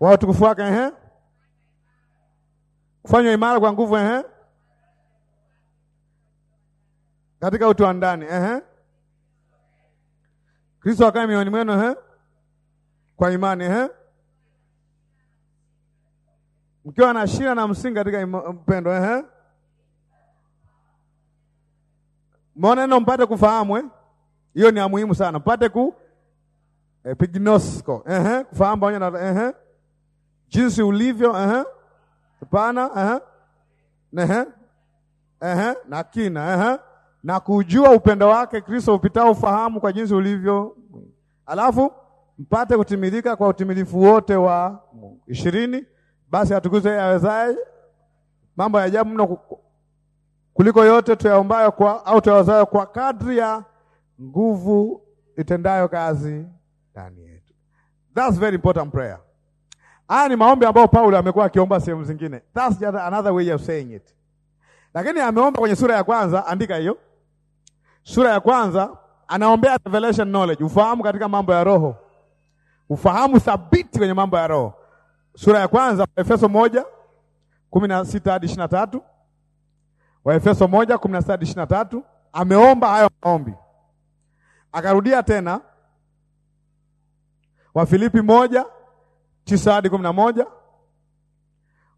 wa utukufu wake ehe, kufanywa imara kwa nguvu ehe, katika utu wa ndani ehe, Kristo akae mioyoni mwenu ehe, kwa imani ehe, mkiwa na shina na msingi katika upendo ehe Mbona neno mpate kufahamu eh? Hiyo ni ya muhimu sana. Mpate ku epignosko. Eh eh, kufahamu pamoja na eh eh. Jinsi ulivyo eh eh. Pana eh eh. Eh eh, na kina eh eh. Na kujua upendo wake Kristo upitao ufahamu kwa jinsi ulivyo. Alafu mpate kutimilika kwa utimilifu wote wa Mungu. Ishirini, basi atukuze awezaye mambo ya ajabu mno kuliko yote tuyaombayo kwa au tuyawazayo kwa kadri ya nguvu itendayo kazi ndani yetu. That's very important prayer. Haya ni maombi ambayo Paulo amekuwa akiomba sehemu zingine. That's just another way of saying it. Lakini ameomba kwenye sura ya kwanza, andika hiyo. Sura ya kwanza anaombea revelation knowledge, ufahamu katika mambo ya roho. Ufahamu thabiti kwenye mambo ya roho. Sura ya kwanza Efeso moja kumi na sita hadi ishirini na tatu Waefeso moja kumi na na tatu ameomba hayo maombi, akarudia tena Wafilipi moja tisa kumi na moja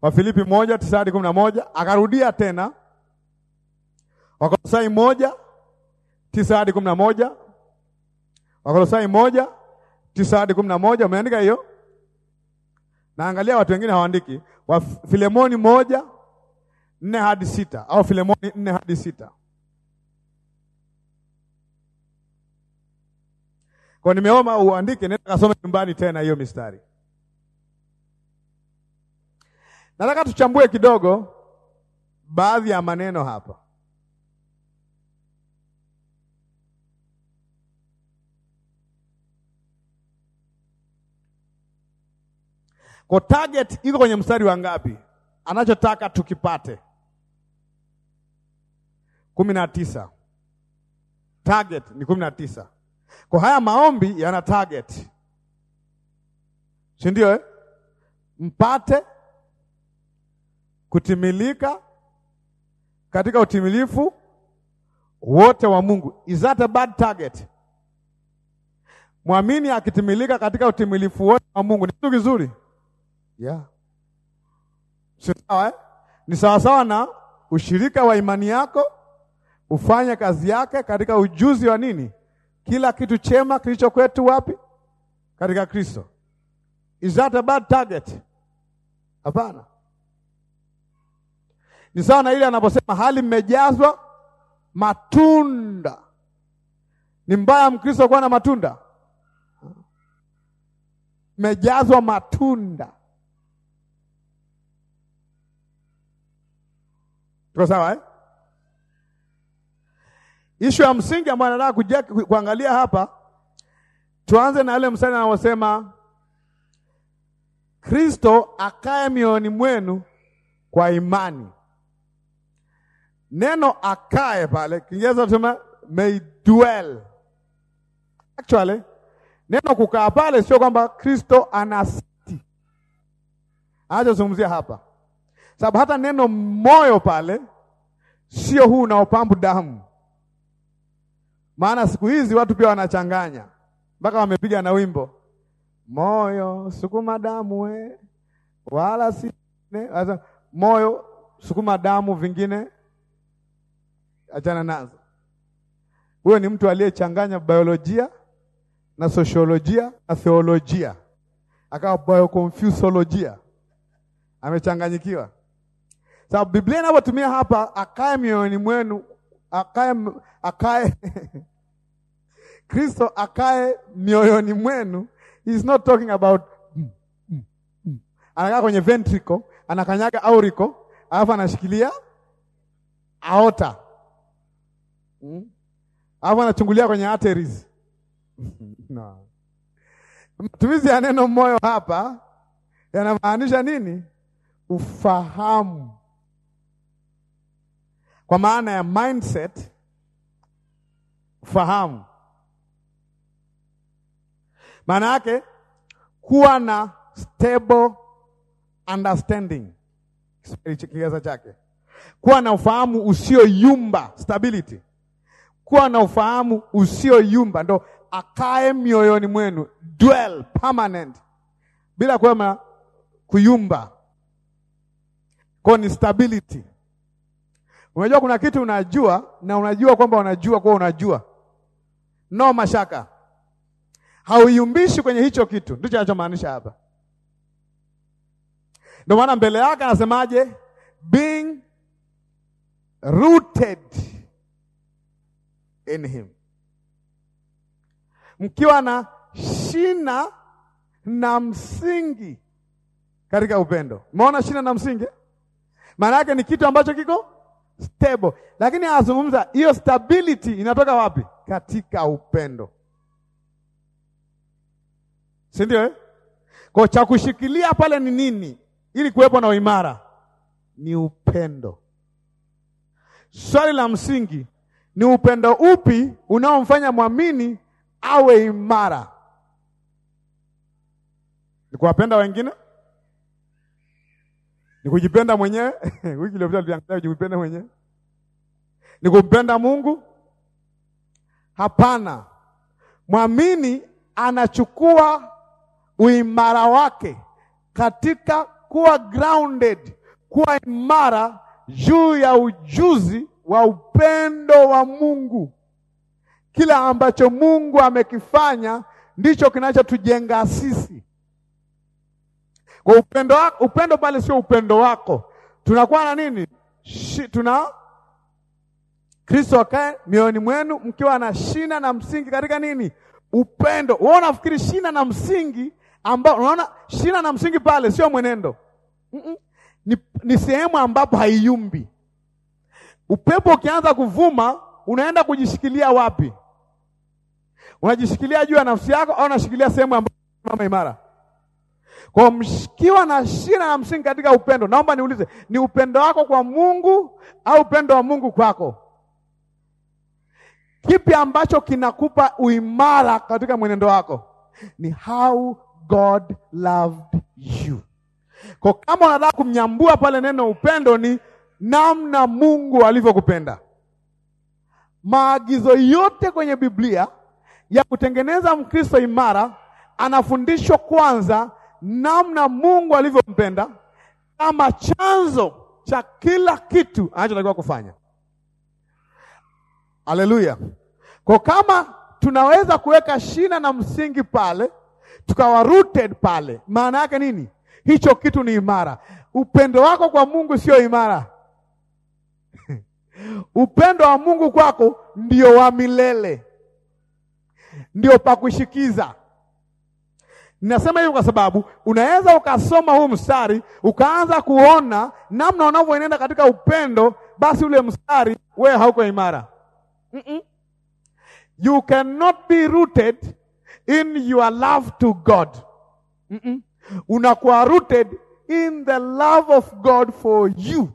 Wafilipi moja tisa kumi na moja akarudia tena Wakolosai moja tisa kumi na moja Wakolosai moja tisa hadi kumi na moja Umeandika hiyo? Naangalia watu wengine hawaandiki. Wafilemoni moja nne hadi sita au Filemoni nne hadi sita. Kwa nimeomba uandike, nenda kasome nyumbani tena hiyo mistari. Nataka tuchambue kidogo baadhi ya maneno hapa. Kwa target iko kwenye mstari wa ngapi? Anachotaka tukipate kumi na tisa. Target ni kumi na tisa. Kwa haya maombi yana target, si ndio eh? Mpate kutimilika katika utimilifu wote wa Mungu. Is that a bad target? Mwamini akitimilika katika utimilifu wote wa Mungu ni kitu kizuri, yeah. sawa eh? Ni sawasawa na ushirika wa imani yako ufanye kazi yake katika ujuzi wa nini? Kila kitu chema kilicho kwetu wapi? Katika Kristo. Is that a bad target? Hapana. Ni sawa na ile anaposema hali mmejazwa matunda. Ni mbaya Mkristo kuwa na matunda? Mmejazwa matunda. Tuko sawa eh? Ishu ya msingi ambayo nataka kuja kuangalia hapa, tuanze na yale msani anaosema Kristo akae mioyoni mwenu kwa imani. Neno akae pale Kiingereza tuma may dwell. Actually, neno kukaa pale sio kwamba Kristo anasiti, anachozungumzia hapa, sababu hata neno moyo pale sio huu unaopambu damu maana siku hizi watu pia wanachanganya mpaka wamepiga na wimbo moyo sukuma damu we, wala si moyo sukuma damu, vingine achana nazo. Huyo ni mtu aliyechanganya biolojia na sosiolojia na theolojia, akawa bioconfusolojia, amechanganyikiwa. Sababu Biblia inapotumia hapa, akae mioyoni mwenu akae akae Kristo akae mioyoni mwenu. He's not talking about mm, mm, mm. Anakaa kwenye ventricle, anakanyaga aurico alafu anashikilia aota mm. Alafu anachungulia kwenye arteries no. Matumizi ya neno moyo hapa yanamaanisha nini? Ufahamu kwa maana ya mindset, fahamu. Maana yake kuwa na stable understanding, kigezo chake kuwa na ufahamu usioyumba, stability, kuwa na ufahamu usioyumba, ndo akae mioyoni mwenu, dwell permanent, bila kuwema kuyumba, kwa ni stability Unajua kuna kitu unajua na unajua kwamba unajua kwa unajua, no mashaka, hauyumbishi kwenye hicho kitu, ndicho anachomaanisha hapa. Ndio maana mbele yake anasemaje? Being rooted in him, mkiwa na shina na msingi katika upendo. Umeona shina na msingi, maana yake ni kitu ambacho kiko stable, lakini anazungumza hiyo stability inatoka wapi? Katika upendo, si ndio eh? Kwa cha kushikilia pale ni nini ili kuwepo na uimara? Ni upendo. Swali la msingi ni upendo upi unaomfanya mwamini awe imara? Ni kuwapenda wengine ni kujipenda mwenyewe. Wiki iliyopita tuliangalia kujipenda mwenyewe. Ni kumpenda Mungu? Hapana. Mwamini anachukua uimara wake katika kuwa grounded, kuwa imara juu ya ujuzi wa upendo wa Mungu. Kila ambacho Mungu amekifanya ndicho kinachotujenga sisi. Kwa upendo wako, upendo pale sio upendo wako. Tunakuwa na nini? Shi, tuna Kristo akae mioyoni mwenu mkiwa na shina na msingi katika nini? Upendo. Wewe unafikiri shina na msingi ambao unaona shina na msingi pale sio mwenendo. Mm -mm. Ni, ni sehemu ambapo haiyumbi. Upepo ukianza kuvuma, unaenda kujishikilia wapi? Unajishikilia juu ya nafsi yako au unashikilia sehemu ambayo mama imara? Kwa mshikiwa na shina ya msingi katika upendo, naomba niulize, ni upendo wako kwa Mungu au upendo wa Mungu kwako? Kipi ambacho kinakupa uimara katika mwenendo wako? Ni how God loved you. Kwa kama unataka kumnyambua pale, neno upendo ni namna Mungu alivyokupenda. Maagizo yote kwenye Biblia ya kutengeneza Mkristo imara anafundishwa kwanza namna Mungu alivyompenda kama chanzo cha kila kitu anachotakiwa kufanya. Haleluya! Kwa kama tunaweza kuweka shina na msingi pale, tukawa rooted pale, maana yake nini? Hicho kitu ni imara. Upendo wako kwa Mungu sio imara. Upendo wa Mungu kwako ndio wa milele, ndio pakushikiza Ninasema hivyo kwa sababu unaweza ukasoma huu mstari ukaanza kuona namna unavyoenenda katika upendo, basi ule mstari wewe hauko imara. mm -mm. You cannot be rooted in your love to God. mm -mm. Unakuwa rooted in the love of God for you.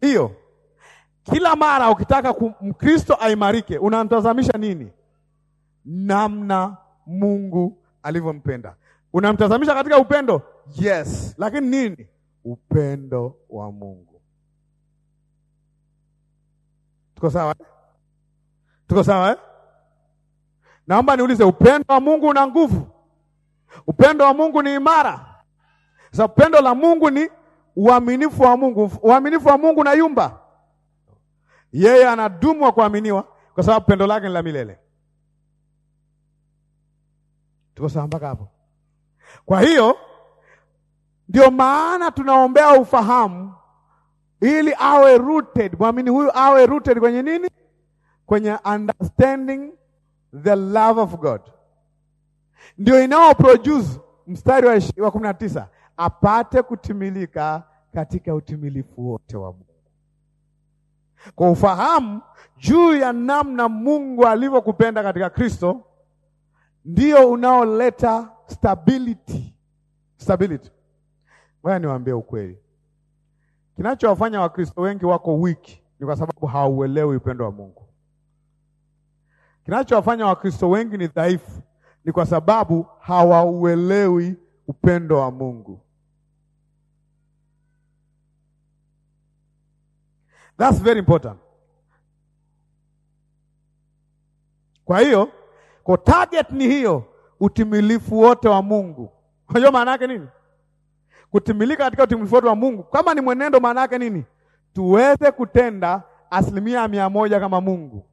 hiyo kila mara ukitaka Mkristo aimarike, unamtazamisha nini? namna Mungu alivyompenda. Unamtazamisha katika upendo? Yes, lakini nini? Upendo wa Mungu. Tuko sawa? Tuko sawa eh? Naomba niulize, upendo wa Mungu una nguvu? Upendo wa Mungu ni imara? Sasa upendo la Mungu ni uaminifu wa Mungu. Uaminifu wa Mungu na yumba, yeye anadumu wa kuaminiwa, kwa sababu pendo lake ni la milele. Tuko sawa mpaka hapo? Kwa hiyo ndio maana tunaombea ufahamu ili awe rooted, mwamini huyu awe rooted kwenye nini? Kwenye understanding the love of God, ndio inao produce mstari wa kumi na tisa apate kutimilika katika utimilifu wote wa Mungu. Kwa ufahamu juu ya namna Mungu alivyokupenda katika Kristo ndio unaoleta stability. Stability, ngoja niwaambie ukweli, kinachowafanya Wakristo wengi wako wiki ni kwa sababu hawauelewi upendo wa Mungu. Kinachowafanya Wakristo wengi ni dhaifu ni kwa sababu hawauelewi upendo wa Mungu. That's very important. Kwa hiyo kwa target ni hiyo, utimilifu wote wa Mungu. Unajua maana yake nini? Kutimilika katika utimilifu wote wa Mungu, kama ni mwenendo, maana yake nini? Tuweze kutenda asilimia mia moja kama Mungu.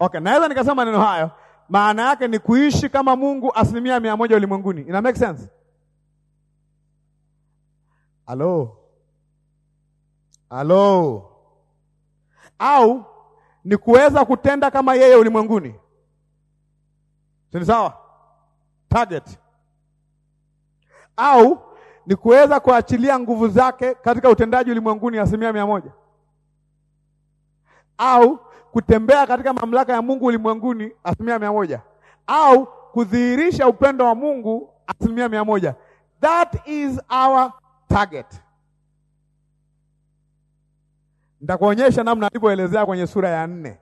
Okay, naweza nikasema maneno hayo, maana yake ni kuishi kama Mungu asilimia mia moja ulimwenguni. Ina make sense? Halo halo au ni kuweza kutenda kama yeye ulimwenguni, si sawa? Target au ni kuweza kuachilia nguvu zake katika utendaji ulimwenguni asilimia mia moja au kutembea katika mamlaka ya Mungu ulimwenguni asilimia mia moja au kudhihirisha upendo wa Mungu asilimia mia moja. That is our target. Nitakuonyesha namna alivyoelezea kwenye sura ya nne.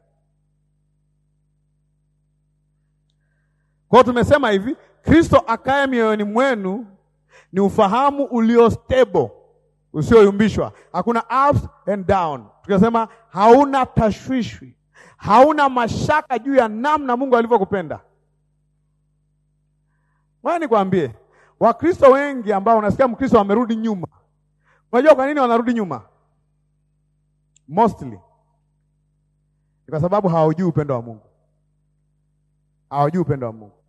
Kwa tumesema hivi, Kristo akaye mioyoni mwenu ni ufahamu ulio stable, usioyumbishwa. Hakuna ups and down. Tukasema hauna tashwishwi, hauna mashaka juu ya namna Mungu alivyokupenda. Wewe nikwambie, Wakristo wengi ambao unasikia Mkristo amerudi nyuma, unajua kwa nini wanarudi nyuma? mostly ni kwa sababu hawajui upendo wa Mungu, hawajui upendo wa Mungu.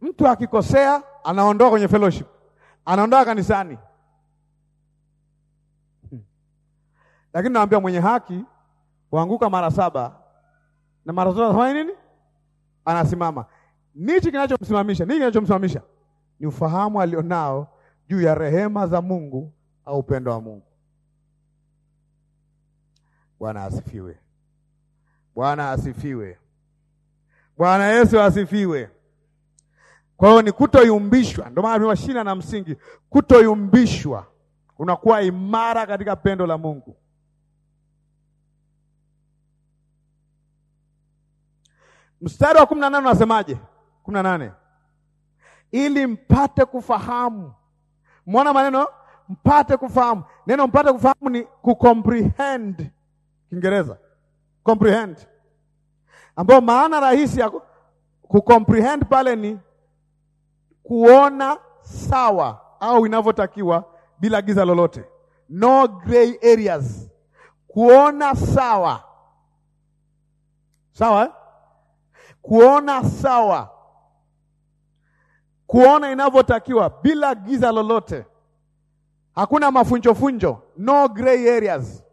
Mtu akikosea anaondoka kwenye fellowship, anaondoka kanisani hmm. Lakini naambia mwenye haki huanguka mara saba na mara zote anafanya nini? Anasimama. Nichi kinachomsimamisha nini? Kinachomsimamisha ni ufahamu alionao juu ya rehema za Mungu au upendo wa Mungu. Bwana asifiwe. Bwana asifiwe. Bwana Yesu asifiwe. Kwa hiyo ni kutoyumbishwa, ndio maana tuna shina na msingi. Kutoyumbishwa, unakuwa imara katika pendo la Mungu. Mstari wa kumi na nane unasemaje? kumi na nane ili mpate kufahamu. mwana maneno mpate kufahamu, neno mpate kufahamu ni kucomprehend, Kiingereza comprehend, ambayo maana rahisi ya kucomprehend pale ni kuona sawa au inavyotakiwa bila giza lolote, no gray areas, kuona sawa sawa eh? kuona sawa kuona inavyotakiwa bila giza lolote, hakuna mafunjofunjo, no gray areas.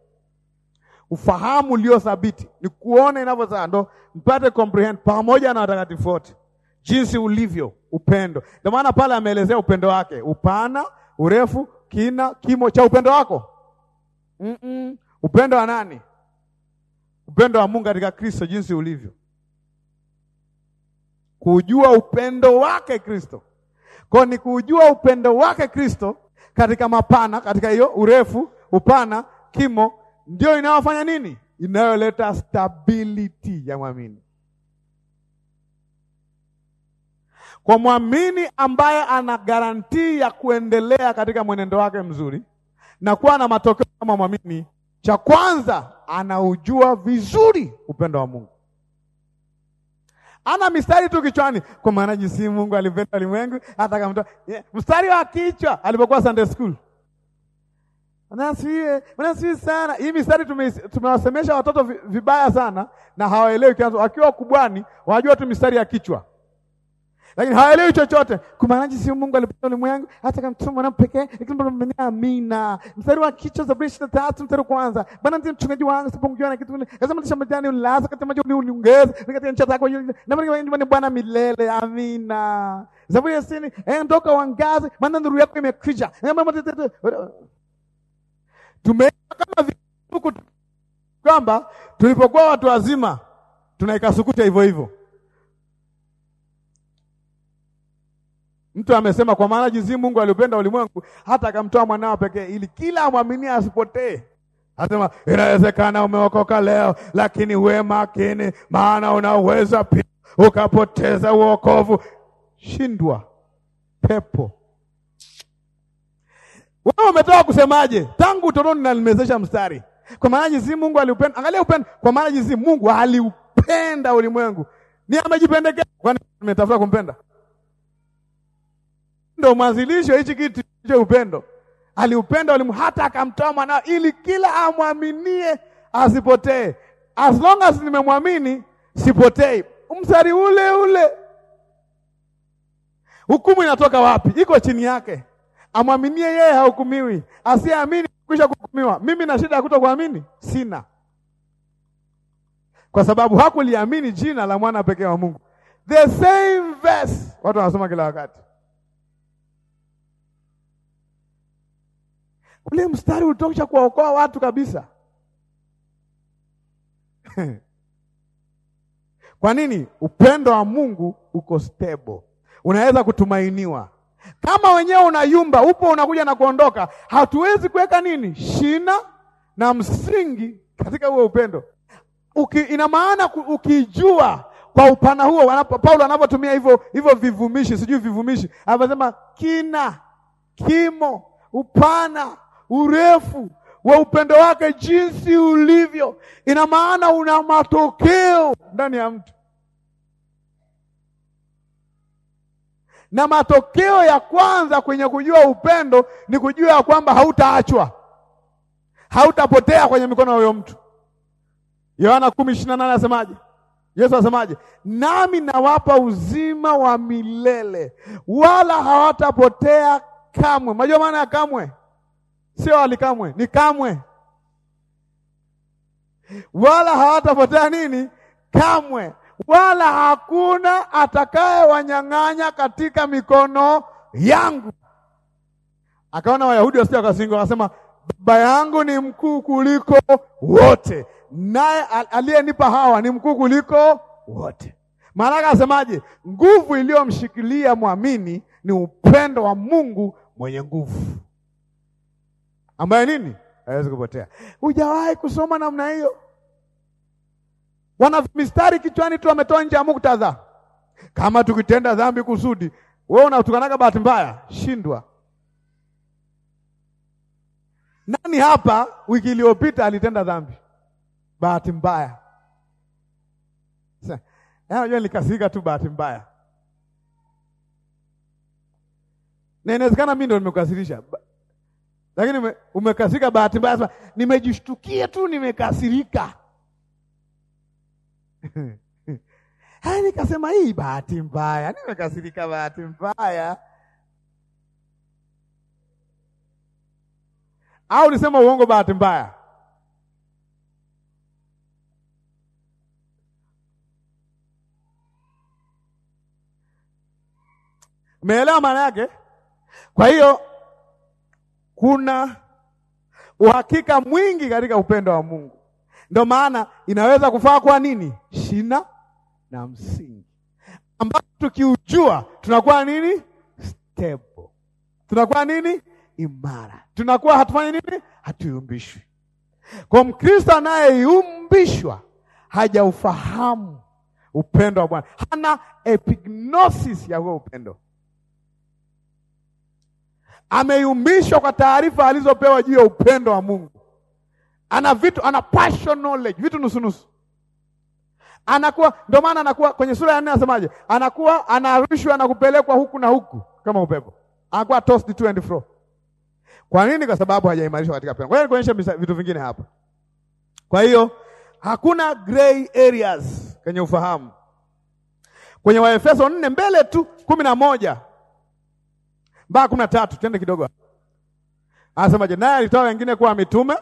Ufahamu ulio thabiti ni kuona inavyozaa, ndo mpate comprehend pamoja na watakatifu wote jinsi ulivyo upendo. Ndio maana pale ameelezea upendo wake, upana, urefu, kina, kimo cha upendo wako mm -mm. Upendo wa nani? Upendo wa Mungu katika Kristo, jinsi ulivyo, kujua upendo wake Kristo kwa ni kuujua upendo wake Kristo katika mapana, katika hiyo urefu, upana, kimo, ndio inayofanya nini? Inayoleta stability ya mwamini. Kwa mwamini ambaye ana garantii ya kuendelea katika mwenendo wake mzuri na kuwa na matokeo kama mwamini, cha kwanza anaujua vizuri upendo wa Mungu ana mistari tu kichwani, kwa maana jinsi Mungu alipenda ulimwengu hata kama yeah. Mstari wa kichwa alipokuwa Sunday school. Nasiwe, nasiwe sana. Hii mistari tumewasemesha watoto vibaya sana na hawaelewi kiasi. Wakiwa kubwani, wanajua tu mistari ya kichwa lakini haelewi chochote. Kumaanaji si Mungu alipenda ulimwengu hata akamtuma mwana pekee, lakini mmenia. amina. Mstari wa kichwa Zaburi ishirini na tatu mstari wa kwanza, Bwana ndiye mchungaji wangu, sipungukiwa na kitu. Kasema shamba jani unilaza, katika maji uniongeza, katika ncha zako ni Bwana milele. Amina. Zaburi ya sitini, endoka eh, uangaze, maana nuru yako imekwisha. Eh, Tumeenda kama vitu kwamba tulipokuwa watu wazima tunaikasukuta hivyo hivyo Mtu amesema kwa maana jinsi Mungu aliupenda ulimwengu hata akamtoa mwanao pekee ili kila amwaminie asipotee. Anasema inawezekana umeokoka leo, lakini uwe makini, maana unaweza pia ukapoteza uokovu. Shindwa pepo. Wewe umetoka kusemaje? Tangu utotoni nalimezesha mstari. Kwa maana jinsi Mungu aliupenda, angalia upenda, kwa maana jinsi Mungu aliupenda ulimwengu. Ni amejipendekeza, kwani nimetafuta kumpenda? ndo mwanzilishi hichi kitu cha upendo. Aliupenda ulimu hata akamtoa mwanao ili kila amwaminie asipotee. As long as nimemwamini sipotei. Mstari ule ule. Hukumu inatoka wapi? Iko chini yake. Amwaminie yeye hahukumiwi, asiamini kisha kuhukumiwa. Mimi na shida ya kuamini sina, kwa sababu hakuliamini jina la mwana pekee wa Mungu. The same verse watu wanasoma kila wakati. Ule mstari utosha kuwaokoa watu kabisa. Kwa nini? Upendo wa Mungu uko stable, unaweza kutumainiwa. Kama wenyewe unayumba, upo unakuja na kuondoka, hatuwezi kuweka nini shina na msingi katika huo upendo. Uki, ina maana ukijua kwa upana huo Paulo anapotumia hivyo hivyo vivumishi, sijui vivumishi, anasema kina, kimo, upana urefu wa upendo wake jinsi ulivyo. Ina maana una matokeo ndani ya mtu, na matokeo ya kwanza kwenye kujua upendo ni kujua ya kwamba hautaachwa, hautapotea kwenye mikono ya huyo mtu. Yohana kumi anasemaje? na nane asemaje? Yesu asemaje? Nami nawapa uzima wa milele, wala hawatapotea kamwe. Unajua maana ya kamwe? sio alikamwe, ni kamwe, wala hawatapotea nini? Kamwe, wala hakuna wanyang'anya katika mikono yangu. Akaona Wayahudi wasije wakazinga, wakasema Baba yangu ni mkuu kuliko wote, naye aliyenipa hawa ni mkuu kuliko wote. Maana asemaje? Nguvu iliyomshikilia mwamini ni upendo wa Mungu mwenye nguvu ambaye nini hawezi kupotea. Hujawahi kusoma namna hiyo? Wana mistari kichwani tu, wametoa nje ya muktadha. Kama tukitenda dhambi kusudi, wewe unatukanaga bahati mbaya, shindwa nani hapa wiki iliyopita alitenda dhambi bahati mbaya? Yaani Najua nilikasirika tu bahati mbaya, na inawezekana mimi ndo nimekukasirisha lakini umekasirika bahati mbaya nimejishtukia tu nimekasirika. Haya, nikasema hii bahati mbaya, nimekasirika bahati mbaya. Au nisema uongo bahati mbaya? Umeelewa maana yake? Kwa hiyo kuna uhakika mwingi katika upendo wa Mungu. Ndio maana inaweza kufaa kwa nini shina na msingi, ambapo tukiujua tunakuwa nini stable, tunakuwa nini imara, tunakuwa hatufanyi nini, hatuyumbishwi. Kwa Mkristo anayeyumbishwa hajaufahamu upendo wa Bwana, hana epignosis ya huo upendo ameyumbishwa kwa taarifa alizopewa juu ya upendo wa Mungu. Ana vitu, ana partial knowledge, vitu nusu. anakuwa ndio maana anakuwa kwenye sura ya nne anasemaje? Anakuwa anarushwa na kupelekwa huku na huku kama upepo, anakuwa tossed to and fro. Kwa nini? Kwa sababu hajaimarishwa katika pendo. hiyo nikuonyeshe vitu vingine hapa. Kwa hiyo hakuna gray areas kwenye ufahamu. Kwenye Waefeso nne mbele tu kumi na moja mpaka kumi na tatu twende kidogo. Anasemaje? naye alitoa wengine kuwa mitume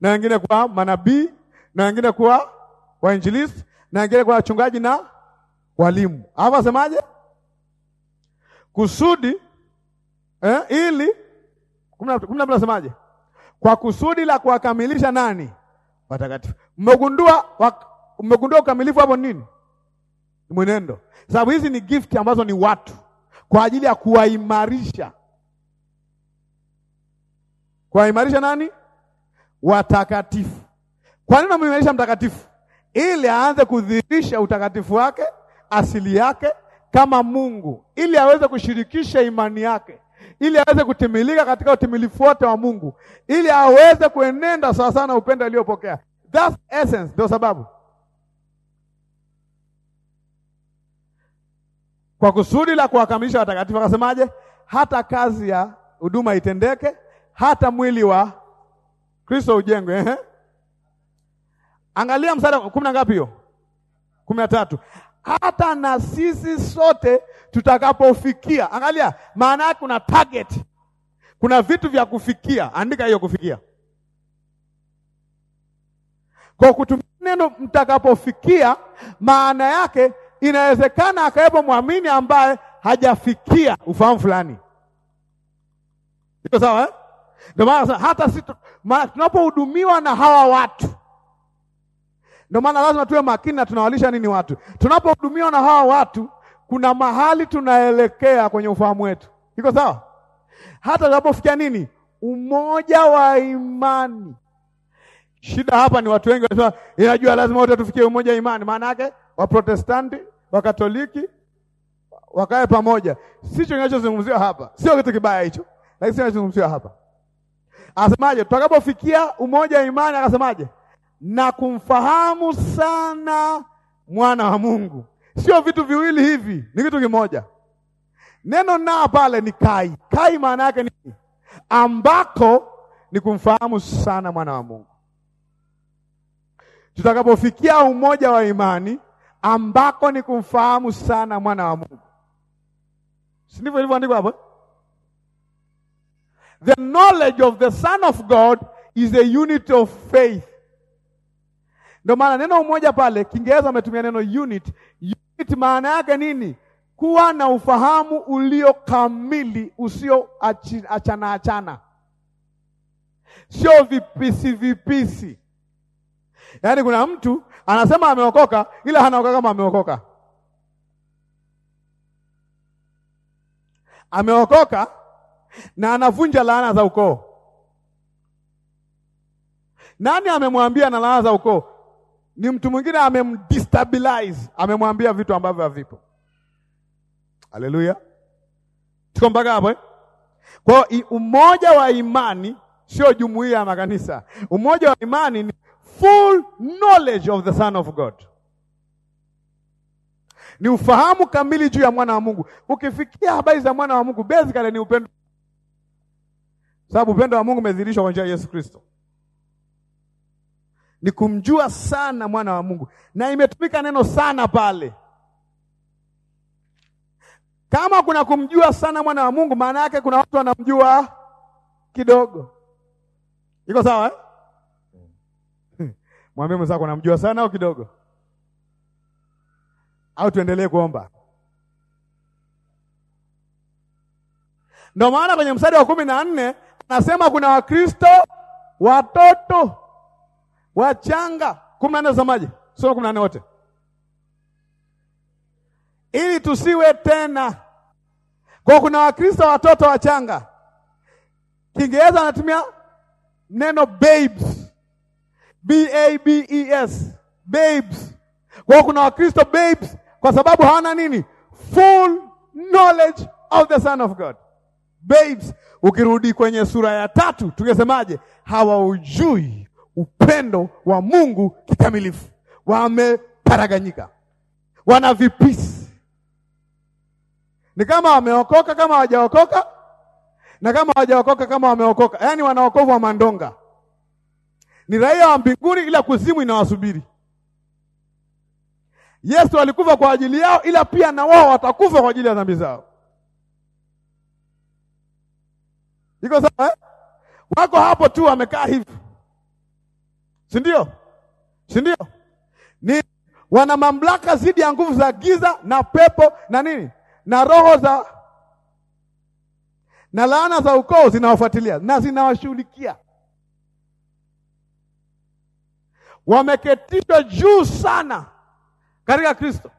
na wengine kuwa manabii na wengine kuwa wainjilisti na wengine kuwa wachungaji na walimu. Hapo asemaje? kusudi eh, ili kumi na mbili asemaje? kwa kusudi la kuwakamilisha nani? Watakatifu. Mmegundua mmegundua ukamilifu hapo nini? Mwenendo. Sababu hizi ni gift ambazo ni watu kwa ajili ya kuwaimarisha. Kuwaimarisha nani? Watakatifu. Kwa nini namuimarisha mtakatifu? Ili aanze kudhihirisha utakatifu wake, asili yake kama Mungu, ili aweze kushirikisha imani yake, ili aweze kutimilika katika utimilifu wote wa Mungu, ili aweze kuenenda sawasawa na upendo aliyopokea. That's essence, ndio sababu kwa kusudi la kuwakamilisha watakatifu. Akasemaje? hata kazi ya huduma itendeke, hata mwili wa Kristo ujengwe. Ehe, angalia msada kumi na ngapi hiyo? kumi na tatu. Hata na sisi sote tutakapofikia, angalia, maana yake kuna target, kuna vitu vya kufikia. Andika hiyo kufikia, kwa kutumia neno mtakapofikia, maana yake inawezekana akawepo mwamini ambaye hajafikia ufahamu fulani. Iko sawa eh? Ndio maana hata si tunapohudumiwa na hawa watu, ndio maana lazima tuwe makini na tunawalisha nini watu. Tunapohudumiwa na hawa watu, kuna mahali tunaelekea kwenye ufahamu wetu. Iko sawa? Hata tunapofikia nini, umoja wa imani. Shida hapa ni watu wengi wanasema inajua lazima wote tufikie umoja wa imani, maana yake Waprotestanti, Wakatoliki wakae pamoja. Sicho kinachozungumziwa hapa, sio kitu kibaya hicho, lakini kinachozungumziwa hapa Asemaje? Tutakapofikia umoja wa imani, akasemaje? Na kumfahamu sana mwana wa Mungu. Sio vitu viwili hivi, ni kitu kimoja. Neno na pale ni kai kai, maana yake ni ambako ni kumfahamu sana mwana wa Mungu. Tutakapofikia umoja wa imani, ambako ni kumfahamu sana mwana wa Mungu. Si ndivyo ilivyoandikwa hapo? The knowledge of the Son of God is a unit of faith. Ndio maana neno umoja pale Kiingereza ametumia neno unit. Unit maana yake nini? Kuwa na ufahamu ulio kamili usio achana achana, sio vipisi vipisi. Yaani kuna mtu anasema ameokoka, ila hanaokoka kama ameokoka. Ameokoka na anavunja laana za ukoo. Nani amemwambia na laana za ukoo? Ni mtu mwingine amemdestabilize, amemwambia vitu ambavyo havipo. Haleluya, tuko mpaka hapo eh? Kwa umoja wa imani sio jumuiya ya makanisa. Umoja wa imani ni full knowledge of the Son of God, ni ufahamu kamili juu ya mwana wa Mungu. Ukifikia habari za mwana wa Mungu, basically ni upendo, sababu upendo wa Mungu umedhihirishwa kwa njia ya Yesu Kristo. Ni kumjua sana mwana wa Mungu, na imetumika neno sana pale. Kama kuna kumjua sana mwana wa Mungu, maana yake kuna watu wanamjua kidogo. Iko sawa eh? Mwambie mwenzako namjua sana au kidogo? Au tuendelee kuomba? Ndio maana kwenye mstari wa kumi na nne anasema kuna Wakristo watoto wachanga. kumi na nne samaje? Soma kumi na nne wote, ili tusiwe tena kwa kuna Wakristo watoto wachanga. Kiingereza anatumia neno babes B A B E S, babes. Kwa kuna Wakristo babes kwa sababu hawana nini? Full knowledge of the Son of God. Babes, ukirudi kwenye sura ya tatu tungesemaje? Hawaujui upendo wa Mungu kikamilifu, wameparaganyika, wana vipisi. Ni kama wameokoka kama hawajaokoka, na kama hawajaokoka kama wameokoka, yaani wanaokovu wa mandonga ni raia wa mbinguni, ila kuzimu inawasubiri. Yesu alikufa kwa ajili yao, ila pia na wao watakufa kwa ajili ya dhambi zao. Iko sawa eh? Wako hapo tu wamekaa hivi, si ndio? Si ndio? Ni wana mamlaka zidi ya nguvu za giza na pepo na nini na roho za na laana za ukoo zinawafuatilia na zinawashughulikia. wameketishwa juu sana katika Kristo,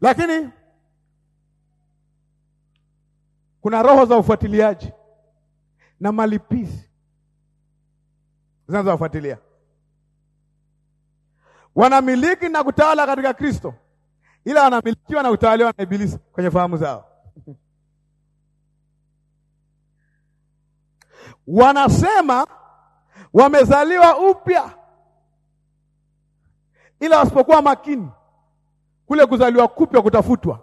lakini kuna roho za ufuatiliaji na malipizi zinazowafuatilia. Wanamiliki na kutawala katika Kristo, ila wanamilikiwa na kutawaliwa na Ibilisi kwenye fahamu zao. Wanasema wamezaliwa upya ila wasipokuwa makini, kule kuzaliwa kupya kutafutwa.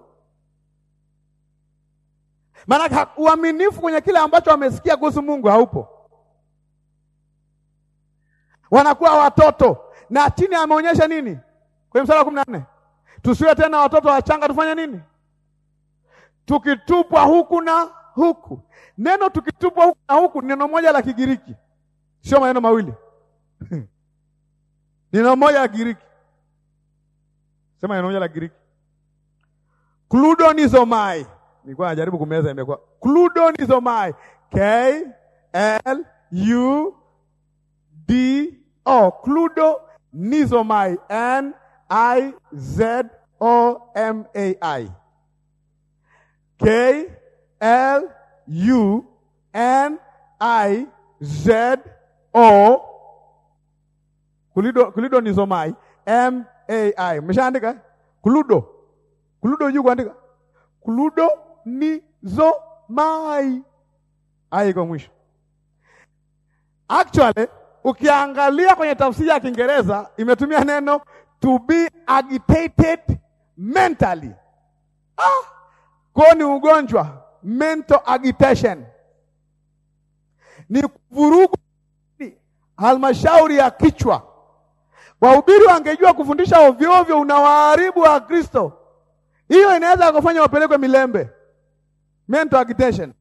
Maana uaminifu kwenye kile ambacho wamesikia kuhusu Mungu haupo, wanakuwa watoto. Na chini ameonyesha nini kwenye mstari wa kumi na nne? Tusiwe tena watoto wachanga, tufanye nini? Tukitupwa huku na huku. Neno tukitupwa huku na huku neno moja la Kigiriki, sio maneno mawili neno moja la Kigiriki Sema neno moja la Greek. Kludonizomai. Nilikuwa najaribu kumeza imekuwa kludonizomai. K L U D O kludonizomai. N I Z O M A I. K L U N I Z O kulidonizomai M AI. andika kuludo kuludo juu kuandika kuludo ni zo mai ai kwa mwisho. Actually ukiangalia kwenye tafsiri ya Kiingereza imetumia neno to be agitated mentally. Ah, Kwa ni ugonjwa mental agitation, ni kuvurugu halmashauri ya kichwa Wahubiri wangejua kufundisha ovyo ovyo, unawaharibu wa Kristo. Hiyo inaweza kufanya wapelekwe Milembe mental agitation.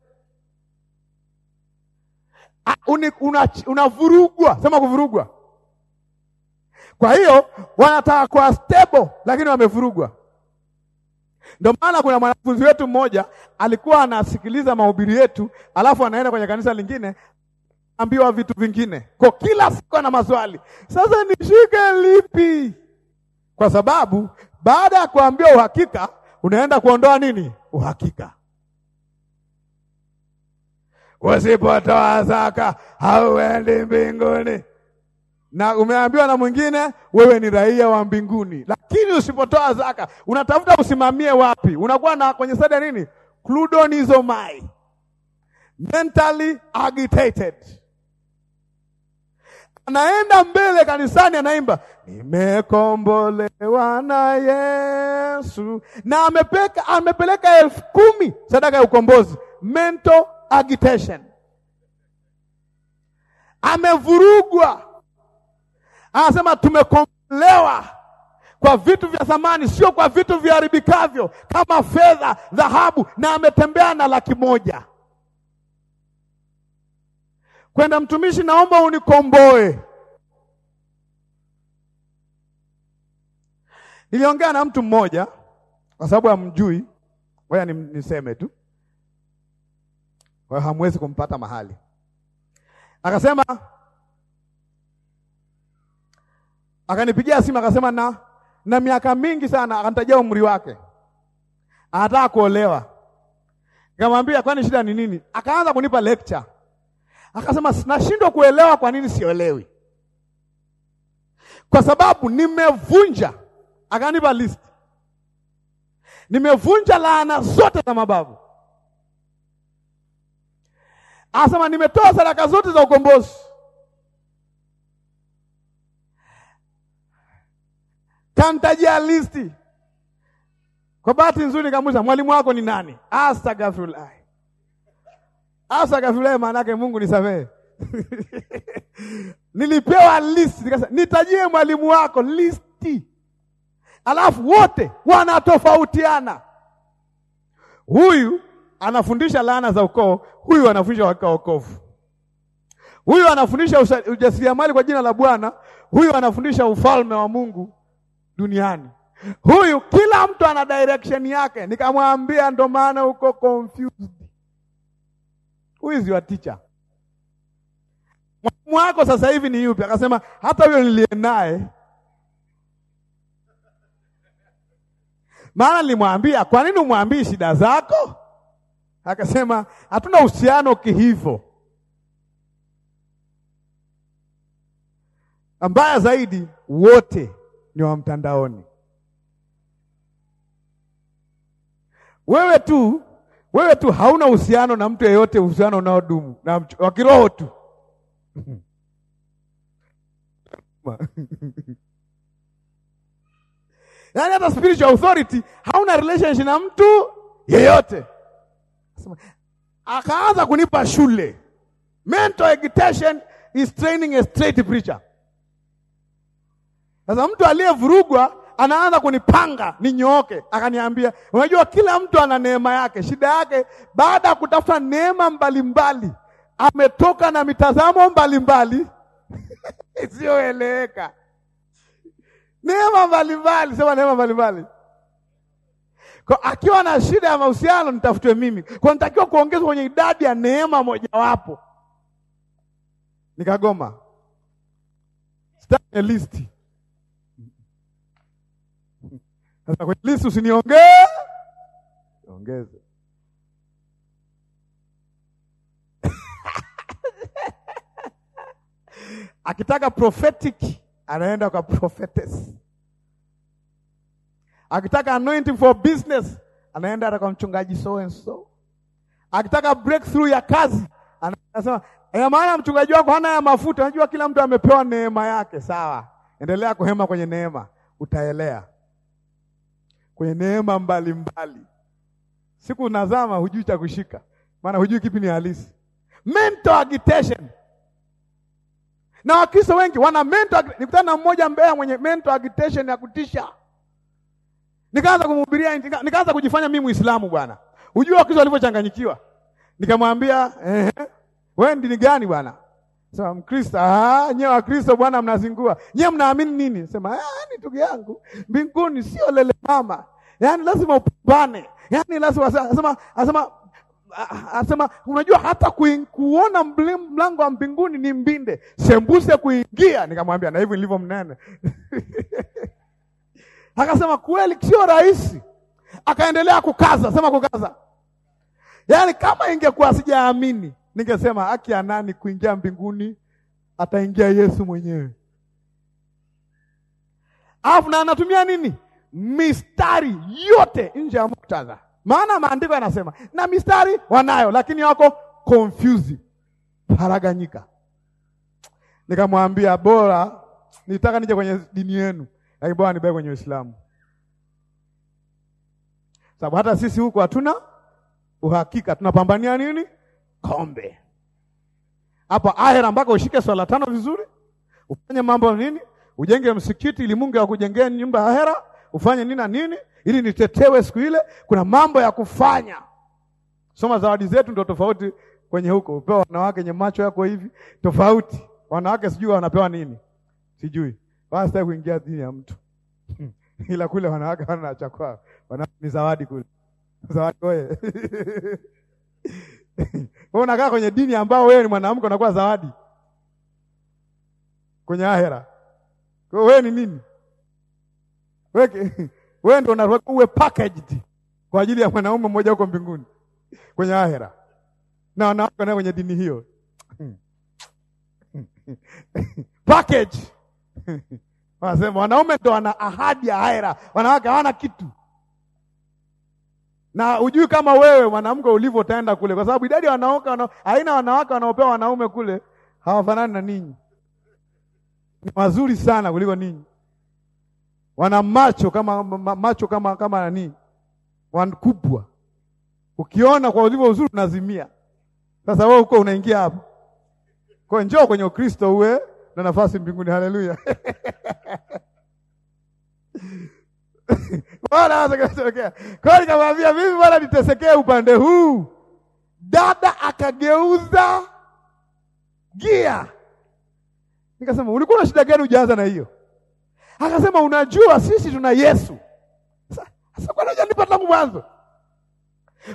Unavurugwa, una sema kuvurugwa. Kwa hiyo wanataka kuwa stable, lakini wamevurugwa. Ndio maana kuna mwanafunzi wetu mmoja alikuwa anasikiliza mahubiri yetu, alafu anaenda kwenye kanisa lingine, ambiwa vitu vingine kwa kila siku, ana maswali sasa, nishike lipi? Kwa sababu baada ya kuambia uhakika, unaenda kuondoa nini? Uhakika. Usipotoa zaka hauendi mbinguni, na umeambiwa na mwingine, wewe ni raia wa mbinguni, lakini usipotoa zaka, unatafuta usimamie wapi? Unakuwa na kwenye sada nini, kludonizomai mentally agitated anaenda mbele kanisani, anaimba nimekombolewa na Yesu, na amepeka, amepeleka elfu kumi sadaka ya ukombozi. Mental agitation, amevurugwa. Anasema tumekombolewa kwa vitu vya thamani, sio kwa vitu viharibikavyo kama fedha, dhahabu, na ametembea na laki moja kwenda mtumishi, naomba unikomboe. Niliongea na mtu mmoja, kwa sababu hamjui, ngoja niseme tu, kwa hamwezi kumpata mahali. Akasema, akanipigia simu akasema, na na miaka mingi sana, akanitajia umri wake, anataka kuolewa. Nikamwambia kwani shida ni nini? Akaanza kunipa lecture Akasema nashindwa kuelewa. Kwa nini sielewi? Kwa sababu nimevunja, akanipa list, nimevunja laana zote za mababu. Akasema nimetoa sadaka zote za ukombozi. Kantajia listi. Kwa bahati nzuri nikamuuliza mwalimu wako ni nani? Astaghfirullah. Asa kafilae maana yake Mungu nisamehe. Nilipewa list nikasema nitajie mwalimu wako listi. Alafu wote wanatofautiana. Huyu anafundisha laana za ukoo, huyu anafundisha waka wokovu. Huyu anafundisha ujasiriamali kwa jina la Bwana, huyu anafundisha ufalme wa Mungu duniani. Huyu kila mtu ana direction yake. Nikamwambia ndo maana uko confused who is your teacher? Mwalimu wako sasa hivi ni yupi? Akasema hata huyo nilie naye, maana nilimwambia, kwa nini umwambii shida zako? Akasema hatuna uhusiano kihivyo. Mbaya zaidi, wote ni wa mtandaoni. Wewe tu wewe tu hauna uhusiano na mtu yeyote, uhusiano unaodumu na wa kiroho tu yaani hata spiritual authority hauna relationship na mtu yeyote. Akaanza kunipa shule, mental agitation is training a straight preacher. Sasa mtu aliyevurugwa anaanza kunipanga ninyooke. Akaniambia, unajua kila mtu ana neema yake. Shida yake baada ya kutafuta neema mbalimbali, ametoka na mitazamo mbalimbali isiyoeleweka. Neema mbalimbali, sema neema mbalimbali. Kwa akiwa na shida ya mahusiano, nitafutwe mimi. Kwa nitakiwa kuongezwa kwenye idadi ya neema mojawapo. Nikagoma, sitaki listi Sasa kwenye list usiniongee, ongeze akitaka prophetic anaenda kwa prophetess, akitaka anointing for business anaenda hata kwa mchungaji so and so, akitaka breakthrough ya kazi anasema ya eh, maana mchungaji wako hana ya mafuta. Unajua kila mtu amepewa neema yake. Sawa, endelea kuhema kwenye neema, utaelea kwenye neema mbalimbali. Siku unazama hujui cha kushika, maana hujui kipi ni halisi. Mental agitation. Na Wakristo wengi wana mental agitation. Nikutana na mmoja Mbeya mwenye mental agitation ya kutisha, nikaanza kumhubiria, nikaanza kujifanya mimi Muislamu. Bwana, hujua Wakristo walivyochanganyikiwa. Nikamwambia, ehe, wewe ndini gani bwana? Sema Mkristo, ah, nyewe wa Kristo bwana mnazingua. Nyewe mnaamini nini? Sema, ah, ni yaani ndugu yangu, mbinguni sio lele mama. Yaani lazima upambane. Yaani lazima asema asema asema unajua hata kuona mlango wa mbinguni ni mbinde, sembuse kuingia. Nikamwambia na hivi nilivyo mnene akasema kweli, sio rahisi. Akaendelea kukaza, sema kukaza. Yaani kama ingekuwa sijaamini Ningesema haki ya nani kuingia mbinguni? Ataingia Yesu mwenyewe. Alafu na anatumia nini? Mistari yote nje ya muktadha, maana maandiko yanasema na mistari wanayo, lakini wako konfuzi haraganyika. Nikamwambia bora nitaka nije kwenye dini yenu, lakini bora nibae kwenye Uislamu, sababu hata sisi huko hatuna uhakika tunapambania nini kombe hapa ahera, mpaka ushike swala tano vizuri, ufanye mambo nini, ujenge msikiti ili Mungu akujengee nyumba ya ahera, ufanye nini na nini, ili nitetewe siku ile. Kuna mambo ya kufanya. Soma zawadi zetu ndio tofauti kwenye huko, upewa wanawake nye macho yako hivi tofauti. Wanawake sijui wanapewa nini, sijui basi kuingia dini ya mtu hmm. ila kule wanawake wana cha chakwa, wana ni zawadi kule, zawadi wewe Wewe unakaa kwenye dini ambao wewe ni mwanamke unakuwa zawadi kwenye ahera. Kwa wewe ni nini? Wewe wewe ndio unataka uwe packaged kwa ajili ya mwanaume mmoja huko mbinguni kwenye ahera. Na wanawake na kwenye dini hiyo. Package. Wanasema wanaume ndio wana ahadi ya ahera, wanawake hawana kitu na hujui kama wewe mwanamke ulivyotaenda kule, kwa sababu idadi wanaoka wanawake wana, aina wanawake wanaopewa wanaume kule hawafanani na ninyi, ni wazuri sana kuliko ninyi, wana macho kama macho kama kama nani kubwa, ukiona kwa ulivyo uzuri unazimia. Sasa wewe uko unaingia hapo, kwa njoo kwenye Ukristo uwe na nafasi mbinguni. Haleluya! Bwana atakayotokea. Kwa hiyo nikamwambia mimi bwana nitesekee upande huu. Dada akageuza gia. Nikasema ulikuwa na shida gani ujaanza na hiyo? Akasema unajua sisi tuna Yesu. Sasa kwa nini hujanipa tangu mwanzo?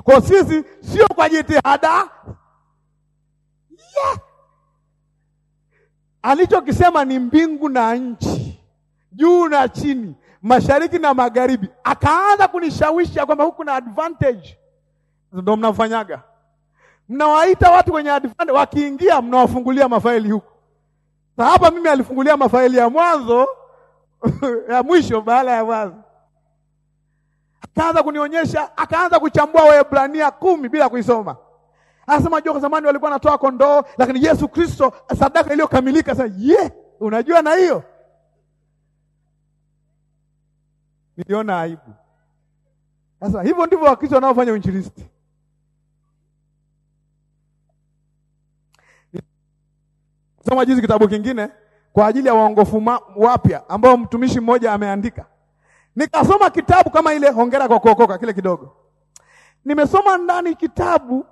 Kwa sisi sio kwa jitihada. Yeah. Alichokisema ni mbingu na nchi, juu na chini mashariki na magharibi, akaanza kunishawisha kwamba huku na advantage. Ndio mnafanyaga, mnawaita watu wenye advantage, wakiingia mnawafungulia mafaili huku. Sa hapa mimi alifungulia mafaili ya mwanzo ya mwisho baada ya mwanzo, akaanza kunionyesha, akaanza kuchambua Waebrania kumi bila kuisoma. Anasema jua kwa zamani walikuwa wanatoa kondoo, lakini Yesu Kristo sadaka iliyokamilika. Sasa ye yeah, unajua na hiyo niliona aibu. Sasa hivyo ndivyo Wakristo wanaofanya uinjilisti. Soma juzi kitabu kingine kwa ajili ya waongofu wapya ambao mtumishi mmoja ameandika. Nikasoma kitabu kama ile hongera kwa kuokoka kile kidogo. Nimesoma ndani kitabu,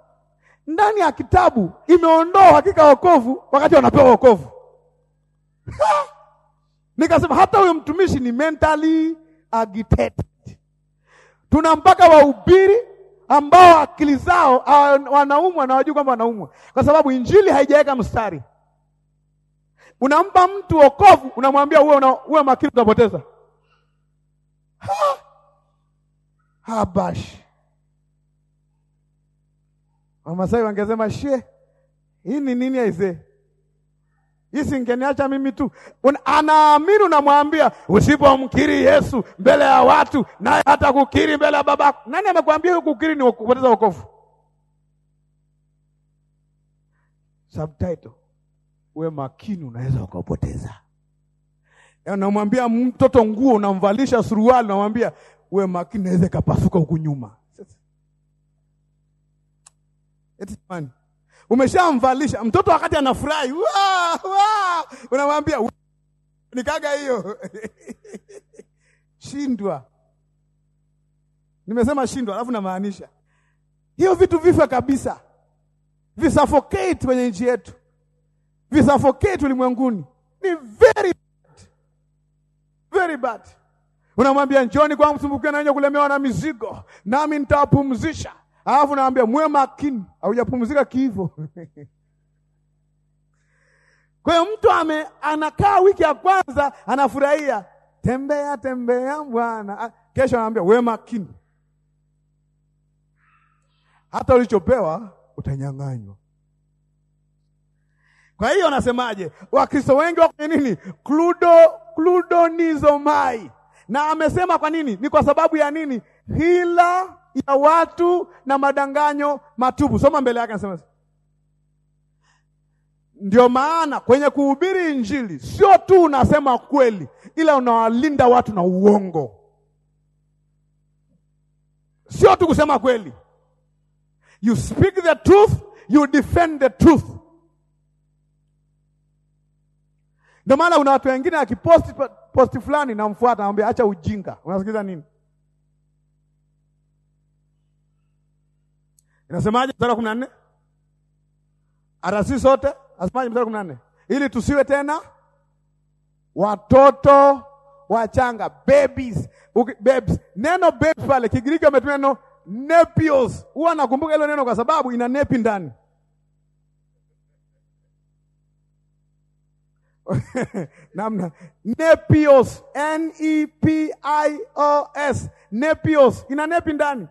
ndani ya kitabu imeondoa hakika wokovu wakati wanapewa wokovu. Nikasema hata huyo mtumishi ni mentally agitated. Tuna mpaka wahubiri ambao akili zao wanaumwa na wajua kwamba wanaumwa, kwa sababu injili haijaweka mstari. Unampa mtu wokovu, unamwambia uwe, uwe makini, utapoteza. Ha! Habash, Wamasai wangesema she, hii ni nini aisee? ngeniacha mimi tu. Anaamini, unamwambia usipomkiri Yesu mbele ya watu, naye hata kukiri mbele ya Baba. Nani amekwambia kukiri ni kupoteza wokovu? Subtitle, uwe makini, unaweza ukapoteza. Unamwambia yaani mtoto nguo, unamvalisha suruali, unamwambia uwe makini, naweza ikapasuka huku nyuma. Umeshamvalisha mtoto wakati anafurahi, unamwambia ni kaga hiyo shindwa. Nimesema shindwa, alafu namaanisha hiyo vitu vifa kabisa, visuffocate kwenye nchi yetu, visuffocate ulimwenguni. Ni very bad, very bad. Unamwambia njoni kwa msumbukia na wenye kulemewa na mizigo, nami nitawapumzisha alafu naambia mwe makini, haujapumzika kiivo. Kwa hiyo mtu ame anakaa wiki ya kwanza anafurahia, tembea tembea bwana, kesho anaambia we makini, hata ulichopewa utanyang'anywa. Kwa hiyo anasemaje, Wakristo wengi wako nini? Kludo nizo mai Na amesema kwa nini? Ni kwa sababu ya nini? hila ya watu na madanganyo matupu. Soma mbele yake, anasema ndio maana kwenye kuhubiri Injili sio tu unasema kweli, ila unawalinda watu na uongo. Sio tu kusema kweli, you speak the truth, you defend the truth. Ndio maana una watu wengine akiposti posti fulani, namfuata, anamwambia acha ujinga. Unasikiza nini? Inasemaje mstari wa kumi na nne? Arasi sote asemaje mstari wa kumi na nne? Ili tusiwe tena watoto wachanga, babies. Okay, babes. Neno babes pale Kigiriki ametumia neno nepios. Huwa nakumbuka hilo neno kwa sababu ina nepi ndani namna nepios, N E P I O S, nepios ina nepi ndani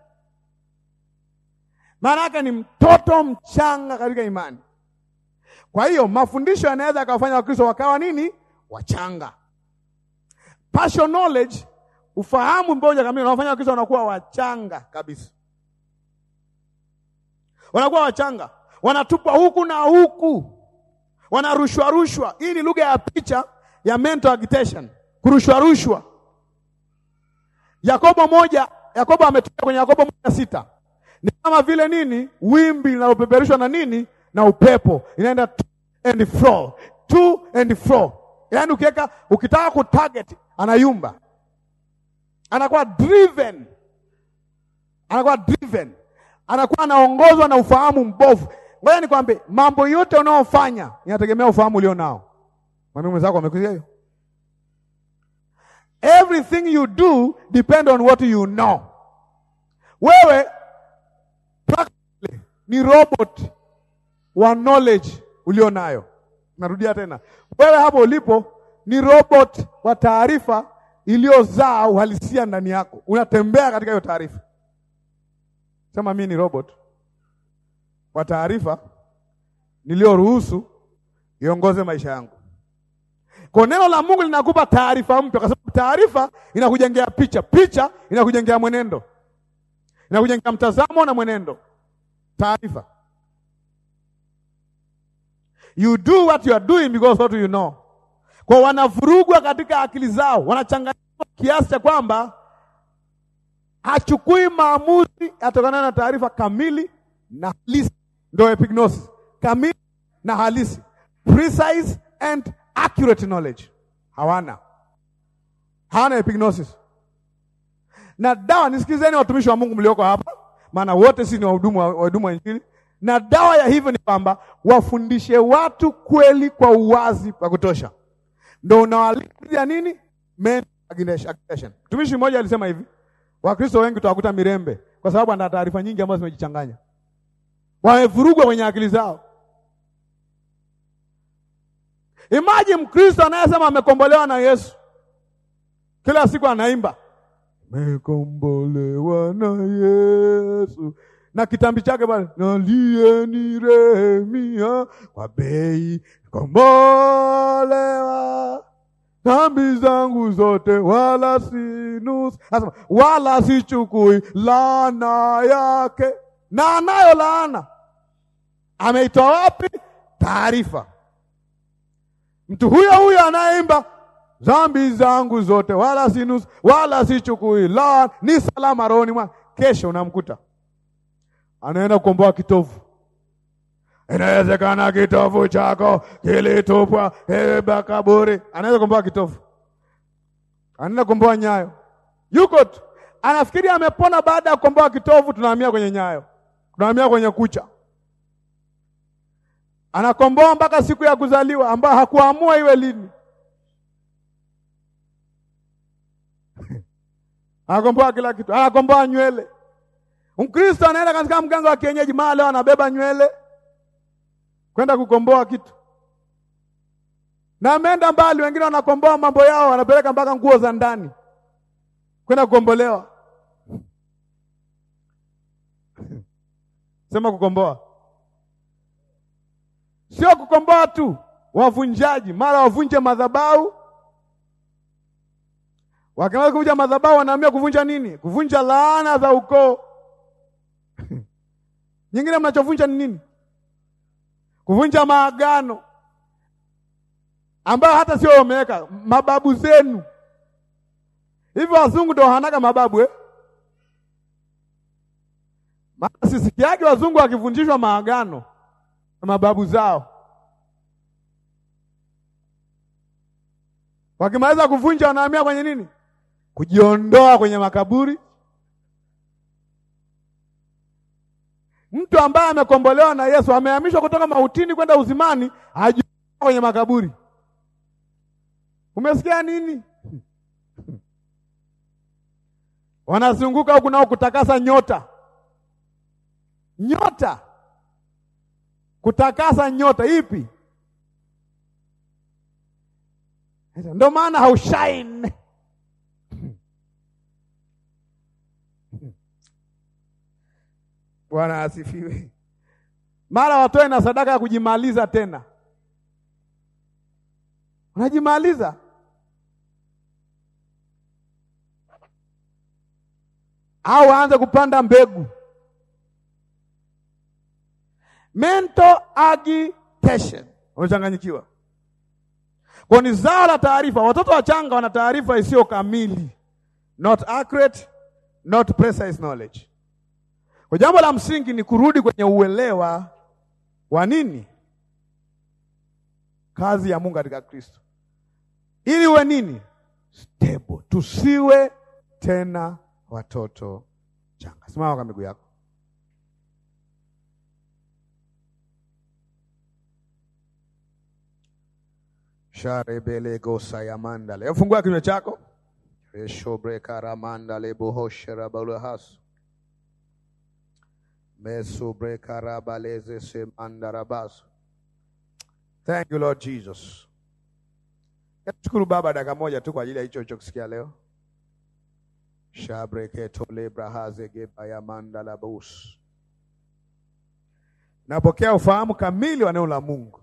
maana yake ni mtoto mchanga katika imani. Kwa hiyo mafundisho yanaweza yakawafanya Wakristo wakawa nini? Wachanga. Partial knowledge, ufahamu ambao hujakamilika unawafanya Wakristo wanakuwa wachanga kabisa, wanakuwa wachanga, wanatupwa huku na huku, wanarushwa rushwa. Hii ni lugha ya picha ya mental agitation, kurushwa rushwa. Yakobo moja, Yakobo ametoka kwenye Yakobo moja sita ni kama vile nini, wimbi linalopeperushwa na nini na upepo, inaenda to and fro, to and fro. Yaani ukiweka ukitaka ku target anayumba, anakuwa driven, anakuwa driven, anakuwa anaongozwa na ufahamu mbovu. Ngoja nikwambie, mambo yote unaofanya inategemea ufahamu nao. Mwambie mwenzako, amekuzia hiyo. Everything you do depend on what you know. Wewe ni robot wa knowledge ulio nayo. Narudia tena, wewe hapo ulipo ni robot wa taarifa iliyozaa uhalisia ndani yako, unatembea katika hiyo taarifa. Sema mimi ni robot wa taarifa niliyoruhusu iongoze maisha yangu. Kwa neno la Mungu linakupa taarifa mpya, kwa sababu taarifa inakujengea picha, picha inakujengea mwenendo, inakujengea mtazamo na mwenendo. Taarifa. You do what you are doing because what do you know. Kwa wanavurugwa katika akili zao, wanachanganywa kiasi cha kwamba hachukui maamuzi atokana na taarifa kamili na halisi. Ndio epignosis, kamili na halisi, precise and accurate knowledge. Hawana, hawana epignosis na dawa. Nisikizeni watumishi wa Mungu mlioko hapa maana wote si ni wahudumu wa Injili, na dawa ya hivyo ni kwamba wafundishe watu kweli kwa uwazi wa kutosha, ndio unawalia nini men Mtumishi mmoja alisema hivi, Wakristo wengi tawakuta mirembe, kwa sababu ana taarifa nyingi ambazo zimejichanganya, wamevurugwa kwenye akili zao. Imagine Mkristo anayesema amekombolewa na Yesu, kila siku anaimba Nimekombolewa na Yesu na kitambi chake pale, rehemia kwa bei, kombolewa dhambi zangu zote, wala sinus asema wala sichukui laana yake, na anayo laana. Ameitoa wapi? Taarifa, mtu huyo huyo anayeimba dhambi zangu zote, wala sinus wala sichukui, la ni salama rohoni mwa. Kesho unamkuta anaenda kukomboa kitovu. Inawezekana kitovu chako kilitupwa heba kaburi, anaweza kukomboa kitovu, anaenda kukomboa nyayo, yuko tu anafikiri amepona. Baada ya kukomboa kitovu, tunahamia kwenye nyayo, tunahamia kwenye kucha anakomboa mpaka siku ya kuzaliwa ambayo hakuamua iwe lini. anakomboa kila kitu, anakomboa nywele. Mkristo anaenda katika mganga wa kienyeji mara leo anabeba nywele kwenda kukomboa kitu, na ameenda mbali. Wengine wanakomboa mambo yao, wanapeleka mpaka nguo za ndani kwenda kukombolewa. Sema kukomboa, sio kukomboa tu, wavunjaji mara wavunje madhabahu Wakianza kuvunja madhabahu wanaambia kuvunja nini? Kuvunja laana za ukoo. Nyingine mnachovunja ni nini? Kuvunja maagano ambayo hata sio wameweka mababu zenu. Hivyo wazungu ndio hanaga mababu eh? Sisikiaje wazungu wakivunjishwa maagano na mababu zao? Wakimaliza kuvunja wanahamia kwenye nini? kujiondoa kwenye makaburi. Mtu ambaye amekombolewa na Yesu amehamishwa kutoka mautini kwenda uzimani, ajiondoa kwenye makaburi. Umesikia nini? Wanazunguka huku nao kutakasa nyota, nyota kutakasa nyota ipi? Ndio maana haushine Bwana asifiwe. Mara watoe na sadaka ya kujimaliza tena, unajimaliza au waanze kupanda mbegu. Mental agitation, wamechanganyikiwa kwa ni zao la taarifa. Watoto wachanga wana taarifa isiyo kamili, not accurate, not precise knowledge kwa jambo la msingi ni kurudi kwenye uelewa wa nini kazi ya Mungu katika Kristo, ili uwe nini stable, tusiwe tena watoto changa. Simama kwa miguu yako. Sharebelegosa yamandale, fungua kinywa chako. reshobrekaramandale bohosherabalhasu Thank you Lord Jesus. Shukuru Baba dakika moja tu kwa ajili ya hicho ulichokisikia leo. Napokea ufahamu kamili wa neno la Mungu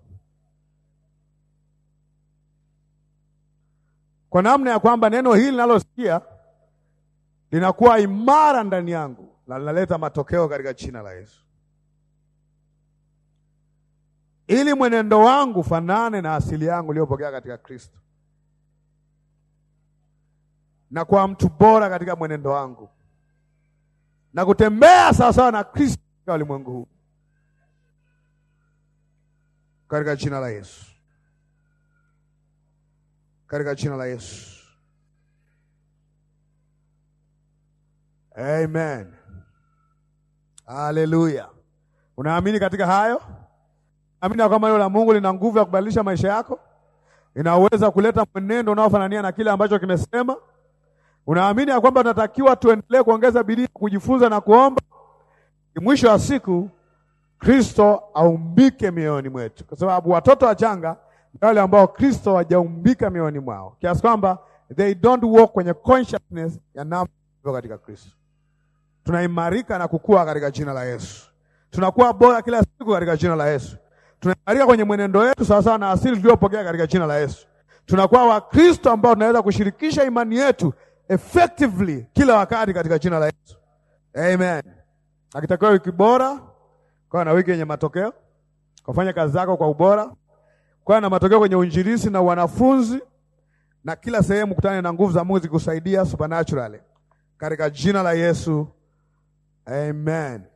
kwa namna ya kwamba neno hili linalosikia linakuwa imara ndani yangu na linaleta matokeo katika jina la Yesu, ili mwenendo wangu fanane na asili yangu iliyopokea katika Kristo, na kwa mtu bora katika mwenendo wangu na kutembea sawasawa na Kristo katika ulimwengu huu katika jina la Yesu, katika jina la Yesu, amen. Haleluya! Unaamini katika hayo? Amini kwamba neno la Mungu lina nguvu ya kubadilisha maisha yako, inaweza kuleta mwenendo unaofanania na kile ambacho kimesema. Unaamini ya kwamba tunatakiwa tuendelee kuongeza bidii kujifunza na kuomba, mwisho wa siku Kristo aumbike mioyoni mwetu, kwa sababu watoto wachanga wale ambao Kristo hajaumbika mioyoni mwao, kiasi kwamba they don't walk kwenye consciousness ya namna katika Kristo tunaimarika na kukua katika jina la Yesu. Tunakuwa bora kila siku katika jina la Yesu. Tunaimarika kwenye mwenendo wetu sawasawa na asili tuliyopokea katika jina la Yesu. Tunakuwa Wakristo ambao tunaweza kushirikisha imani yetu effectively kila wakati katika jina la Yesu. Amen. Akitakiwa wiki bora, kwa na wiki yenye matokeo, kufanya kazi zako kwa ubora, kwa na matokeo kwenye uinjilisi na wanafunzi na kila sehemu, kutane na nguvu za Mungu zikusaidia supernaturally katika jina la Yesu. Amen